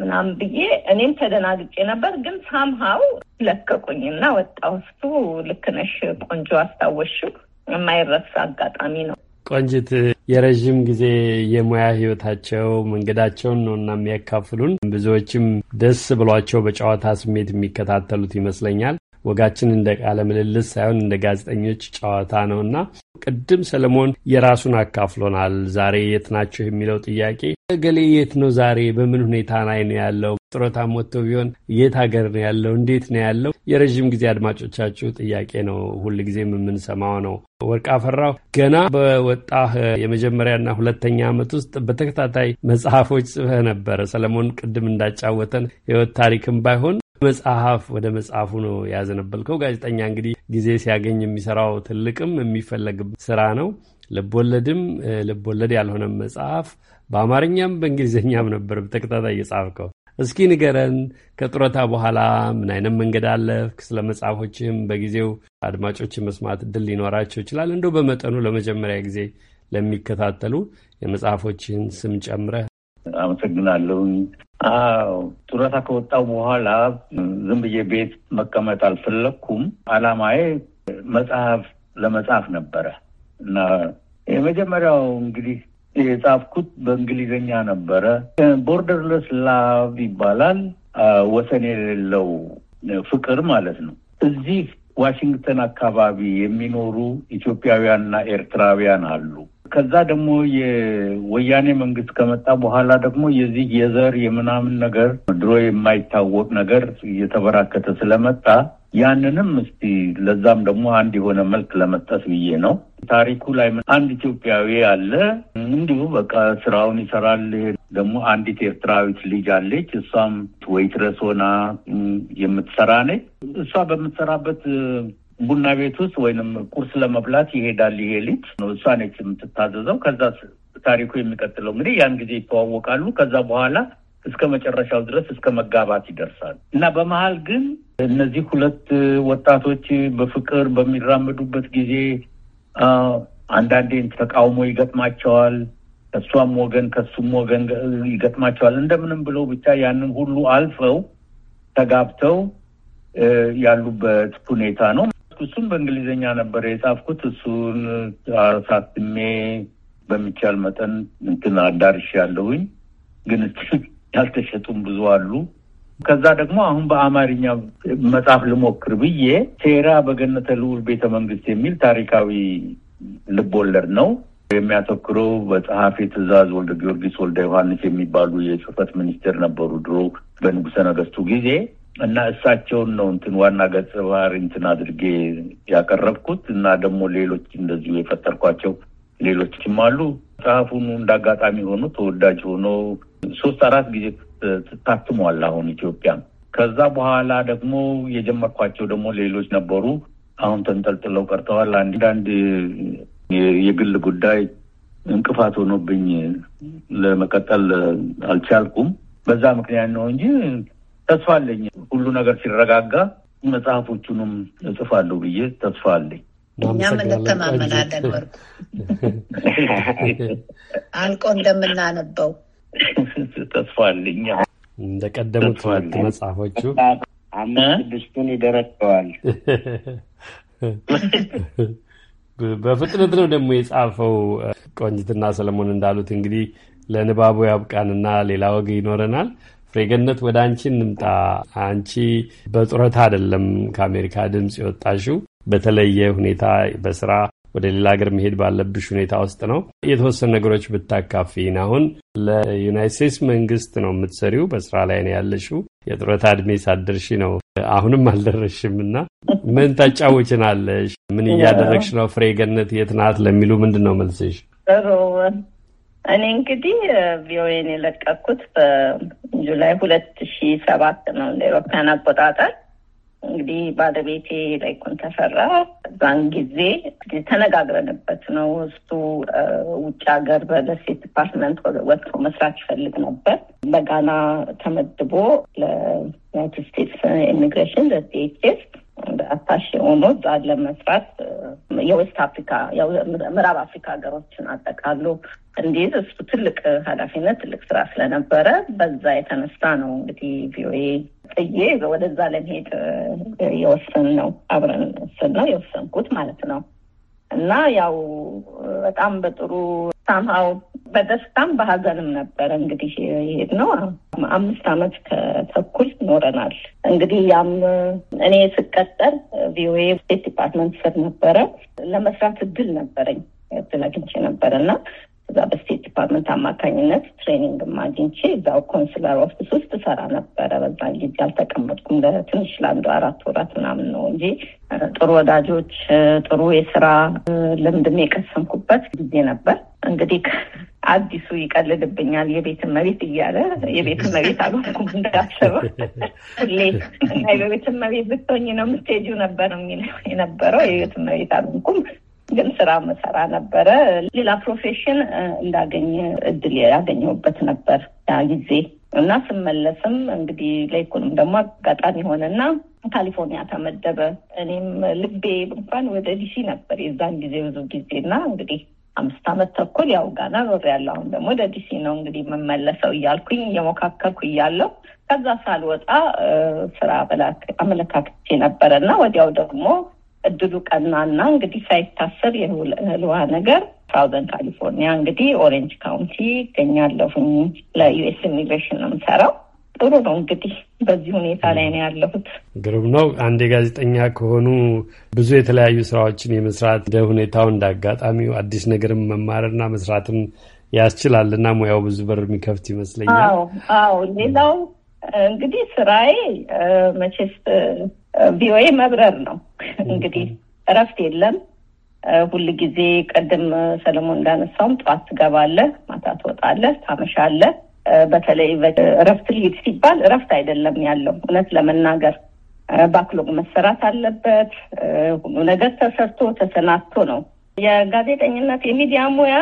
ምናምን ብዬ እኔም ተደናግጬ ነበር። ግን ሳምሃው ለቀቁኝ እና ወጣሁ። ልክ ነሽ ቆንጆ አስታወሽው የማይረሳ አጋጣሚ ነው። ቆንጅት የረዥም ጊዜ የሙያ ህይወታቸው መንገዳቸውን ነው እና የሚያካፍሉን ብዙዎችም ደስ ብሏቸው በጨዋታ ስሜት የሚከታተሉት ይመስለኛል። ወጋችን እንደ ቃለ ምልልስ ሳይሆን እንደ ጋዜጠኞች ጨዋታ ነው እና ቅድም ሰለሞን የራሱን አካፍሎናል። ዛሬ የት ናቸው የሚለው ጥያቄ እገሌ የት ነው ዛሬ በምን ሁኔታ ላይ ነው ያለው ጡረታም ወጥቶ ቢሆን የት ሀገር ነው ያለው? እንዴት ነው ያለው? የረዥም ጊዜ አድማጮቻችሁ ጥያቄ ነው፣ ጊዜም የምንሰማው ነው። ወርቅ አፈራው ገና በወጣህ የመጀመሪያና ሁለተኛ ዓመት ውስጥ በተከታታይ መጽሐፎች ጽፈህ ነበረ። ሰለሞን ቅድም እንዳጫወተን ህይወት ታሪክም ባይሆን መጽሐፍ ወደ መጽሐፉ ነው ያዘነበልከው። ጋዜጠኛ እንግዲህ ጊዜ ሲያገኝ የሚሰራው ትልቅም የሚፈለግ ስራ ነው። ልቦለድም ልቦለድ ያልሆነ መጽሐፍ በአማርኛም በእንግሊዝኛም ነበር በተከታታይ የጻፍከው። እስኪ ንገረን፣ ከጡረታ በኋላ ምን አይነት መንገድ አለፍክ? ስለ መጽሐፎችህም በጊዜው አድማጮች መስማት እድል ሊኖራቸው ይችላል። እንደው በመጠኑ ለመጀመሪያ ጊዜ ለሚከታተሉ የመጽሐፎችህን ስም ጨምረህ። አመሰግናለሁኝ። አዎ ጡረታ ከወጣው በኋላ ዝም ብዬ ቤት መቀመጥ አልፈለግኩም። አላማዬ መጽሐፍ ለመጽሐፍ ነበረ እና የመጀመሪያው እንግዲህ የጻፍኩት በእንግሊዝኛ ነበረ። ቦርደርለስ ላቭ ይባላል። ወሰን የሌለው ፍቅር ማለት ነው። እዚህ ዋሽንግተን አካባቢ የሚኖሩ ኢትዮጵያውያንና ኤርትራውያን አሉ። ከዛ ደግሞ የወያኔ መንግስት ከመጣ በኋላ ደግሞ የዚህ የዘር የምናምን ነገር ድሮ የማይታወቅ ነገር እየተበራከተ ስለመጣ ያንንም እስቲ ለዛም ደግሞ አንድ የሆነ መልክ ለመስጠት ብዬ ነው። ታሪኩ ላይ አንድ ኢትዮጵያዊ አለ። እንዲሁ በቃ ስራውን ይሰራል። ደግሞ አንዲት ኤርትራዊት ልጅ አለች። እሷም ወይትረስ ሆና የምትሰራ ነች። እሷ በምትሰራበት ቡና ቤት ውስጥ ወይንም ቁርስ ለመብላት ይሄዳል ይሄ ልጅ። እሷ ነች የምትታዘዘው። ከዛ ታሪኩ የሚቀጥለው እንግዲህ ያን ጊዜ ይተዋወቃሉ። ከዛ በኋላ እስከ መጨረሻው ድረስ እስከ መጋባት ይደርሳል እና በመሀል ግን እነዚህ ሁለት ወጣቶች በፍቅር በሚራመዱበት ጊዜ አንዳንዴ ተቃውሞ ይገጥማቸዋል። ከእሷም ወገን ከሱም ወገን ይገጥማቸዋል። እንደምንም ብለው ብቻ ያንን ሁሉ አልፈው ተጋብተው ያሉበት ሁኔታ ነው። እሱም በእንግሊዝኛ ነበር የጻፍኩት። እሱን አሳትሜ በሚቻል መጠን እንትን አዳርሽ ያለሁኝ ግን ያልተሸጡም ብዙ አሉ። ከዛ ደግሞ አሁን በአማርኛ መጽሐፍ ልሞክር ብዬ ሴራ በገነተ ልዑል ቤተ መንግስት የሚል ታሪካዊ ልቦለድ ነው። የሚያተኩረው በጸሐፊ ትእዛዝ ወልደ ጊዮርጊስ ወልደ ዮሐንስ የሚባሉ የጽህፈት ሚኒስቴር ነበሩ ድሮ በንጉሰ ነገስቱ ጊዜ እና እሳቸውን ነው እንትን ዋና ገጸ ባህሪ እንትን አድርጌ ያቀረብኩት እና ደግሞ ሌሎች እንደዚሁ የፈጠርኳቸው ሌሎችም አሉ። መጽሐፉን አጋጣሚ ሆኖ ተወዳጅ ሆኖ ሶስት አራት ጊዜ ታትሟል። አሁን ኢትዮጵያ ከዛ በኋላ ደግሞ የጀመርኳቸው ደግሞ ሌሎች ነበሩ። አሁን ተንጠልጥለው ቀርተዋል። አንዳንድ የግል ጉዳይ እንቅፋት ሆኖብኝ ለመቀጠል አልቻልኩም። በዛ ምክንያት ነው እንጂ ተስፋ አለኝ ሁሉ ነገር ሲረጋጋ መጽሐፎቹንም እጽፋለሁ ብዬ ተስፋ አለኝ። እኛም እንተማመናለን። ወርቁ [LAUGHS] አልቆ እንደምናነበው ተስፋ አለኝ። እንደቀደሙት ሁለት መጽሐፎቹ አምስት ስድስቱን ይደረድረዋል። [LAUGHS] በፍጥነት ነው ደግሞ የጻፈው። ቆንጅትና ሰለሞን እንዳሉት እንግዲህ ለንባቡ ያብቃንና ሌላ ወግ ይኖረናል። ፍሬገነት ወደ አንቺ እንምጣ። አንቺ በጡረታ አይደለም ከአሜሪካ ድምፅ የወጣሽው በተለየ ሁኔታ በስራ ወደ ሌላ ሀገር መሄድ ባለብሽ ሁኔታ ውስጥ ነው። የተወሰኑ ነገሮች ብታካፊን። አሁን ለዩናይት ስቴትስ መንግስት ነው የምትሰሪው፣ በስራ ላይ ነው ያለሽው። የጡረታ እድሜ ሳደርሺ ነው አሁንም አልደረሽም እና ምን ታጫውችናለሽ? ምን እያደረግሽ ነው? ፍሬ ገነት የት ናት ለሚሉ ምንድን ነው መልስሽ? ጥሩ። እኔ እንግዲህ ቪኦኤን የለቀኩት በጁላይ ሁለት ሺ ሰባት ነው እንደ ኤሮፓያን አቆጣጠር እንግዲህ ባለቤቴ ላይኩን ተፈራ እዛን ጊዜ ተነጋግረንበት ነው። እሱ ውጭ ሀገር በደሴት ዲፓርትመንት ወጥቶ መስራት ይፈልግ ነበር። በጋና ተመድቦ ለዩናይትድ ስቴትስ ኢሚግሬሽን ለሲኤችኤስ አታሽ የሆኑት ሆኖ እዛ ለመስራት የዌስት አፍሪካ ምዕራብ አፍሪካ ሀገሮችን አጠቃሉ እንዲህ እሱ ትልቅ ኃላፊነት ትልቅ ስራ ስለነበረ በዛ የተነሳ ነው እንግዲህ ቪኦኤ ጥዬ ወደዛ ለመሄድ የወሰን ነው አብረን ስል ነው የወሰንኩት ማለት ነው። እና ያው በጣም በጥሩ ሳምሃው በደስታም በሀዘንም ነበር እንግዲህ ይሄድ ነው። አምስት አመት ከተኩል ኖረናል። እንግዲህ ያም እኔ ስቀጠር ቪኦኤ ስቴት ዲፓርትመንት ስር ነበረ ለመስራት እድል ነበረኝ እድል አግኝቼ እና እዛ በስቴት ዲፓርትመንት አማካኝነት ትሬኒንግ አግኝቼ እዛው ኮንስለር ኦፊስ ውስጥ ሰራ ነበረ። በዛ ጊዜ አልተቀመጥኩም። ለትንሽ ለአንዱ አራት ወራት ምናምን ነው እንጂ ጥሩ ወዳጆች፣ ጥሩ የስራ ልምድም የቀሰምኩበት ጊዜ ነበር። እንግዲህ አዲሱ ይቀልድብኛል የቤት እመቤት እያለ የቤት እመቤት አልሆንኩም እንዳስበው ሁሌ የቤት እመቤት ብትሆኝ ነው የምትሄጂው ነበር የሚለው የነበረው የቤት እመቤት አልሆንኩም ግን ስራ መሰራ ነበረ። ሌላ ፕሮፌሽን እንዳገኘ እድል ያገኘሁበት ነበር ያ ጊዜ እና ስመለስም እንግዲህ ለኢኮኖሚ ደግሞ አጋጣሚ ሆነና ካሊፎርኒያ ተመደበ። እኔም ልቤ እንኳን ወደ ዲሲ ነበር የዛን ጊዜ ብዙ ጊዜ እና እንግዲህ አምስት አመት ተኩል ያው ጋና ኖሬያለሁ። አሁን ደግሞ ወደ ዲሲ ነው እንግዲህ የምመለሰው እያልኩኝ እየሞካከርኩ እያለው ከዛ ሳልወጣ ስራ አመለካከቼ ነበረ እና ወዲያው ደግሞ እድሉ ቀናና እንግዲህ ሳይታሰብ የህልዋ ነገር ሳውዘን ካሊፎርኒያ እንግዲህ ኦሬንጅ ካውንቲ ይገኛለሁኝ። ለዩኤስ ኢሚግሬሽን ነው የምሰራው። ጥሩ ነው እንግዲህ በዚህ ሁኔታ ላይ ነው ያለሁት። ግሩም ነው። አንድ የጋዜጠኛ ከሆኑ ብዙ የተለያዩ ስራዎችን የመስራት እንደ ሁኔታው እንደ አጋጣሚው አዲስ ነገርን መማርና መስራትን ያስችላል እና ሙያው ብዙ በር የሚከፍት ይመስለኛል። አዎ፣ አዎ። ሌላው እንግዲህ ስራዬ መቼስ ቪኦኤ መብረር ነው እንግዲህ እረፍት የለም። ሁል ጊዜ ቀድም ሰለሞን እንዳነሳውም ጠዋት ትገባለህ፣ ማታ ትወጣለህ፣ ታመሻለህ። በተለይ እረፍት ልሂድ ሲባል እረፍት አይደለም ያለው እውነት ለመናገር ባክሎግ መሰራት አለበት። ሁሉ ነገር ተሰርቶ ተሰናድቶ ነው የጋዜጠኝነት የሚዲያ ሙያ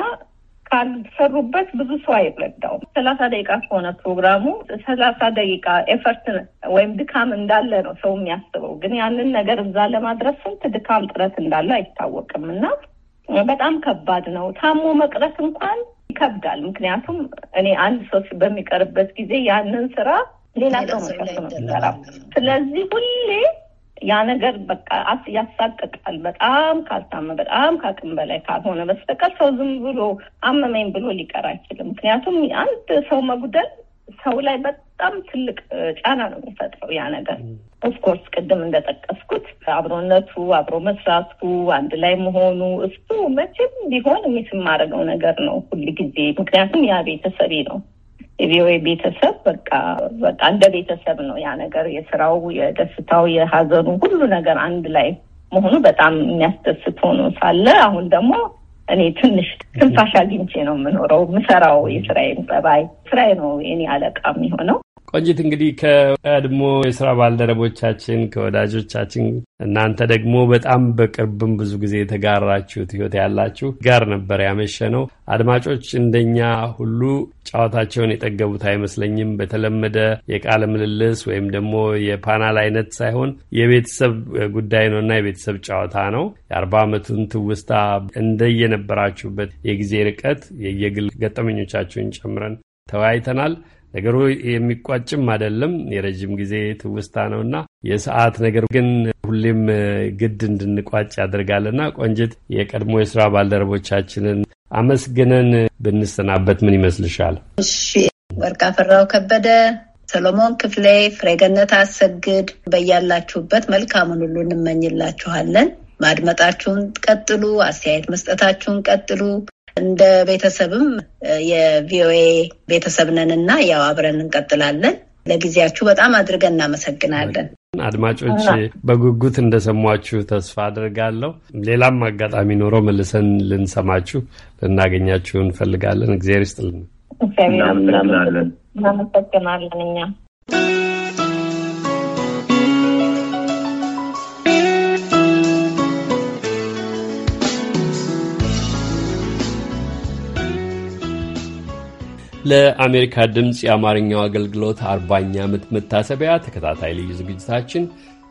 ካልሰሩበት ብዙ ሰው አይረዳውም። ሰላሳ ደቂቃ ከሆነ ፕሮግራሙ ሰላሳ ደቂቃ ኤፈርት ወይም ድካም እንዳለ ነው ሰው የሚያስበው። ግን ያንን ነገር እዛ ለማድረስ ስንት ድካም ጥረት እንዳለ አይታወቅም እና በጣም ከባድ ነው። ታሞ መቅረት እንኳን ይከብዳል። ምክንያቱም እኔ አንድ ሰው በሚቀርበት ጊዜ ያንን ስራ ሌላ ሰው መቀስ ነው። ስለዚህ ሁሌ ያ ነገር በቃ ያሳቅቃል። በጣም ካልታመ በጣም ከአቅም በላይ ካልሆነ በስተቀር ሰው ዝም ብሎ አመመኝ ብሎ ሊቀር አይችልም። ምክንያቱም አንድ ሰው መጉደል ሰው ላይ በጣም ትልቅ ጫና ነው የሚፈጥረው ያ ነገር። ኦፍኮርስ ቅድም እንደጠቀስኩት አብሮነቱ፣ አብሮ መስራቱ፣ አንድ ላይ መሆኑ እሱ መቼም ቢሆን የሚስ የማደርገው ነገር ነው ሁል ጊዜ ምክንያቱም ያ ቤተሰቤ ነው። የቪኦኤ ቤተሰብ በቃ በቃ እንደ ቤተሰብ ነው ያ ነገር የስራው፣ የደስታው፣ የሀዘኑ ሁሉ ነገር አንድ ላይ መሆኑ በጣም የሚያስደስት ሆኖ ሳለ አሁን ደግሞ እኔ ትንሽ ትንፋሽ አግኝቼ ነው የምኖረው። ምሰራው የስራዬን ጠባይ ስራዬ ነው የኔ አለቃ የሚሆነው ቆንጂት እንግዲህ ከቀድሞ የስራ ባልደረቦቻችን ከወዳጆቻችን እናንተ ደግሞ በጣም በቅርብም ብዙ ጊዜ የተጋራችሁት ህይወት ያላችሁ ጋር ነበር ያመሸ ነው። አድማጮች እንደኛ ሁሉ ጨዋታቸውን የጠገቡት አይመስለኝም። በተለመደ የቃለ ምልልስ ወይም ደግሞ የፓናል አይነት ሳይሆን የቤተሰብ ጉዳይ ነው እና የቤተሰብ ጨዋታ ነው። የአርባ ዓመቱን ትውስታ እንደየነበራችሁበት የጊዜ ርቀት የየግል ገጠመኞቻችሁን ጨምረን ተወያይተናል። ነገሩ የሚቋጭም አይደለም፣ የረዥም ጊዜ ትውስታ ነውና የሰዓት ነገር ግን ሁሌም ግድ እንድንቋጭ ያደርጋልና ቆንጅት የቀድሞ የስራ ባልደረቦቻችንን አመስግነን ብንሰናበት ምን ይመስልሻል? እሺ፣ ወርቅ አፈራው ከበደ፣ ሰሎሞን ክፍሌ፣ ፍሬገነት አሰግድ በያላችሁበት መልካሙን ሁሉ እንመኝላችኋለን። ማድመጣችሁን ቀጥሉ፣ አስተያየት መስጠታችሁን ቀጥሉ። እንደ ቤተሰብም የቪኦኤ ቤተሰብ ነን እና ያው አብረን እንቀጥላለን። ለጊዜያችሁ በጣም አድርገን እናመሰግናለን። አድማጮች በጉጉት እንደሰሟችሁ ተስፋ አድርጋለሁ። ሌላም አጋጣሚ ኖሮ መልሰን ልንሰማችሁ ልናገኛችሁ እንፈልጋለን። እግዚአብሔር ይስጥልን። እናመሰግናለን እኛ ለአሜሪካ ድምፅ የአማርኛው አገልግሎት አርባኛ ዓመት መታሰቢያ ተከታታይ ልዩ ዝግጅታችን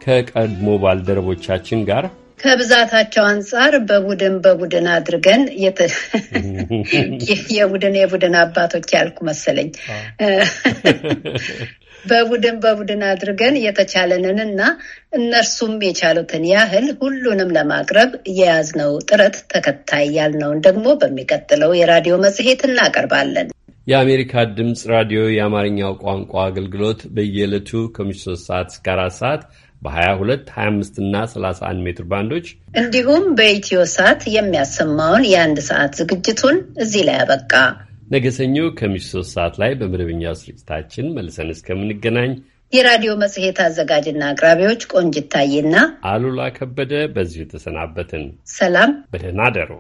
ከቀድሞ ባልደረቦቻችን ጋር ከብዛታቸው አንጻር በቡድን በቡድን አድርገን [LAUGHS] የቡድን የቡድን አባቶች ያልኩ መሰለኝ። በቡድን በቡድን አድርገን የተቻለንን እና እነርሱም የቻሉትን ያህል ሁሉንም ለማቅረብ የያዝነው ጥረት ተከታይ ያልነውን ደግሞ በሚቀጥለው የራዲዮ መጽሔት እናቀርባለን። የአሜሪካ ድምፅ ራዲዮ የአማርኛው ቋንቋ አገልግሎት በየዕለቱ ከምሽቱ 3 ሰዓት እስከ 4 ሰዓት በ22፣ 25 እና 31 ሜትር ባንዶች እንዲሁም በኢትዮ ሰዓት የሚያሰማውን የአንድ ሰዓት ዝግጅቱን እዚህ ላይ አበቃ። ነገ ሰኞ ከምሽቱ 3 ሰዓት ላይ በመደበኛው ስርጭታችን መልሰን እስከምንገናኝ የራዲዮ መጽሔት አዘጋጅና አቅራቢዎች ቆንጅት ታዬና አሉላ ከበደ በዚሁ ተሰናበትን። ሰላም፣ በደህና አደሩ።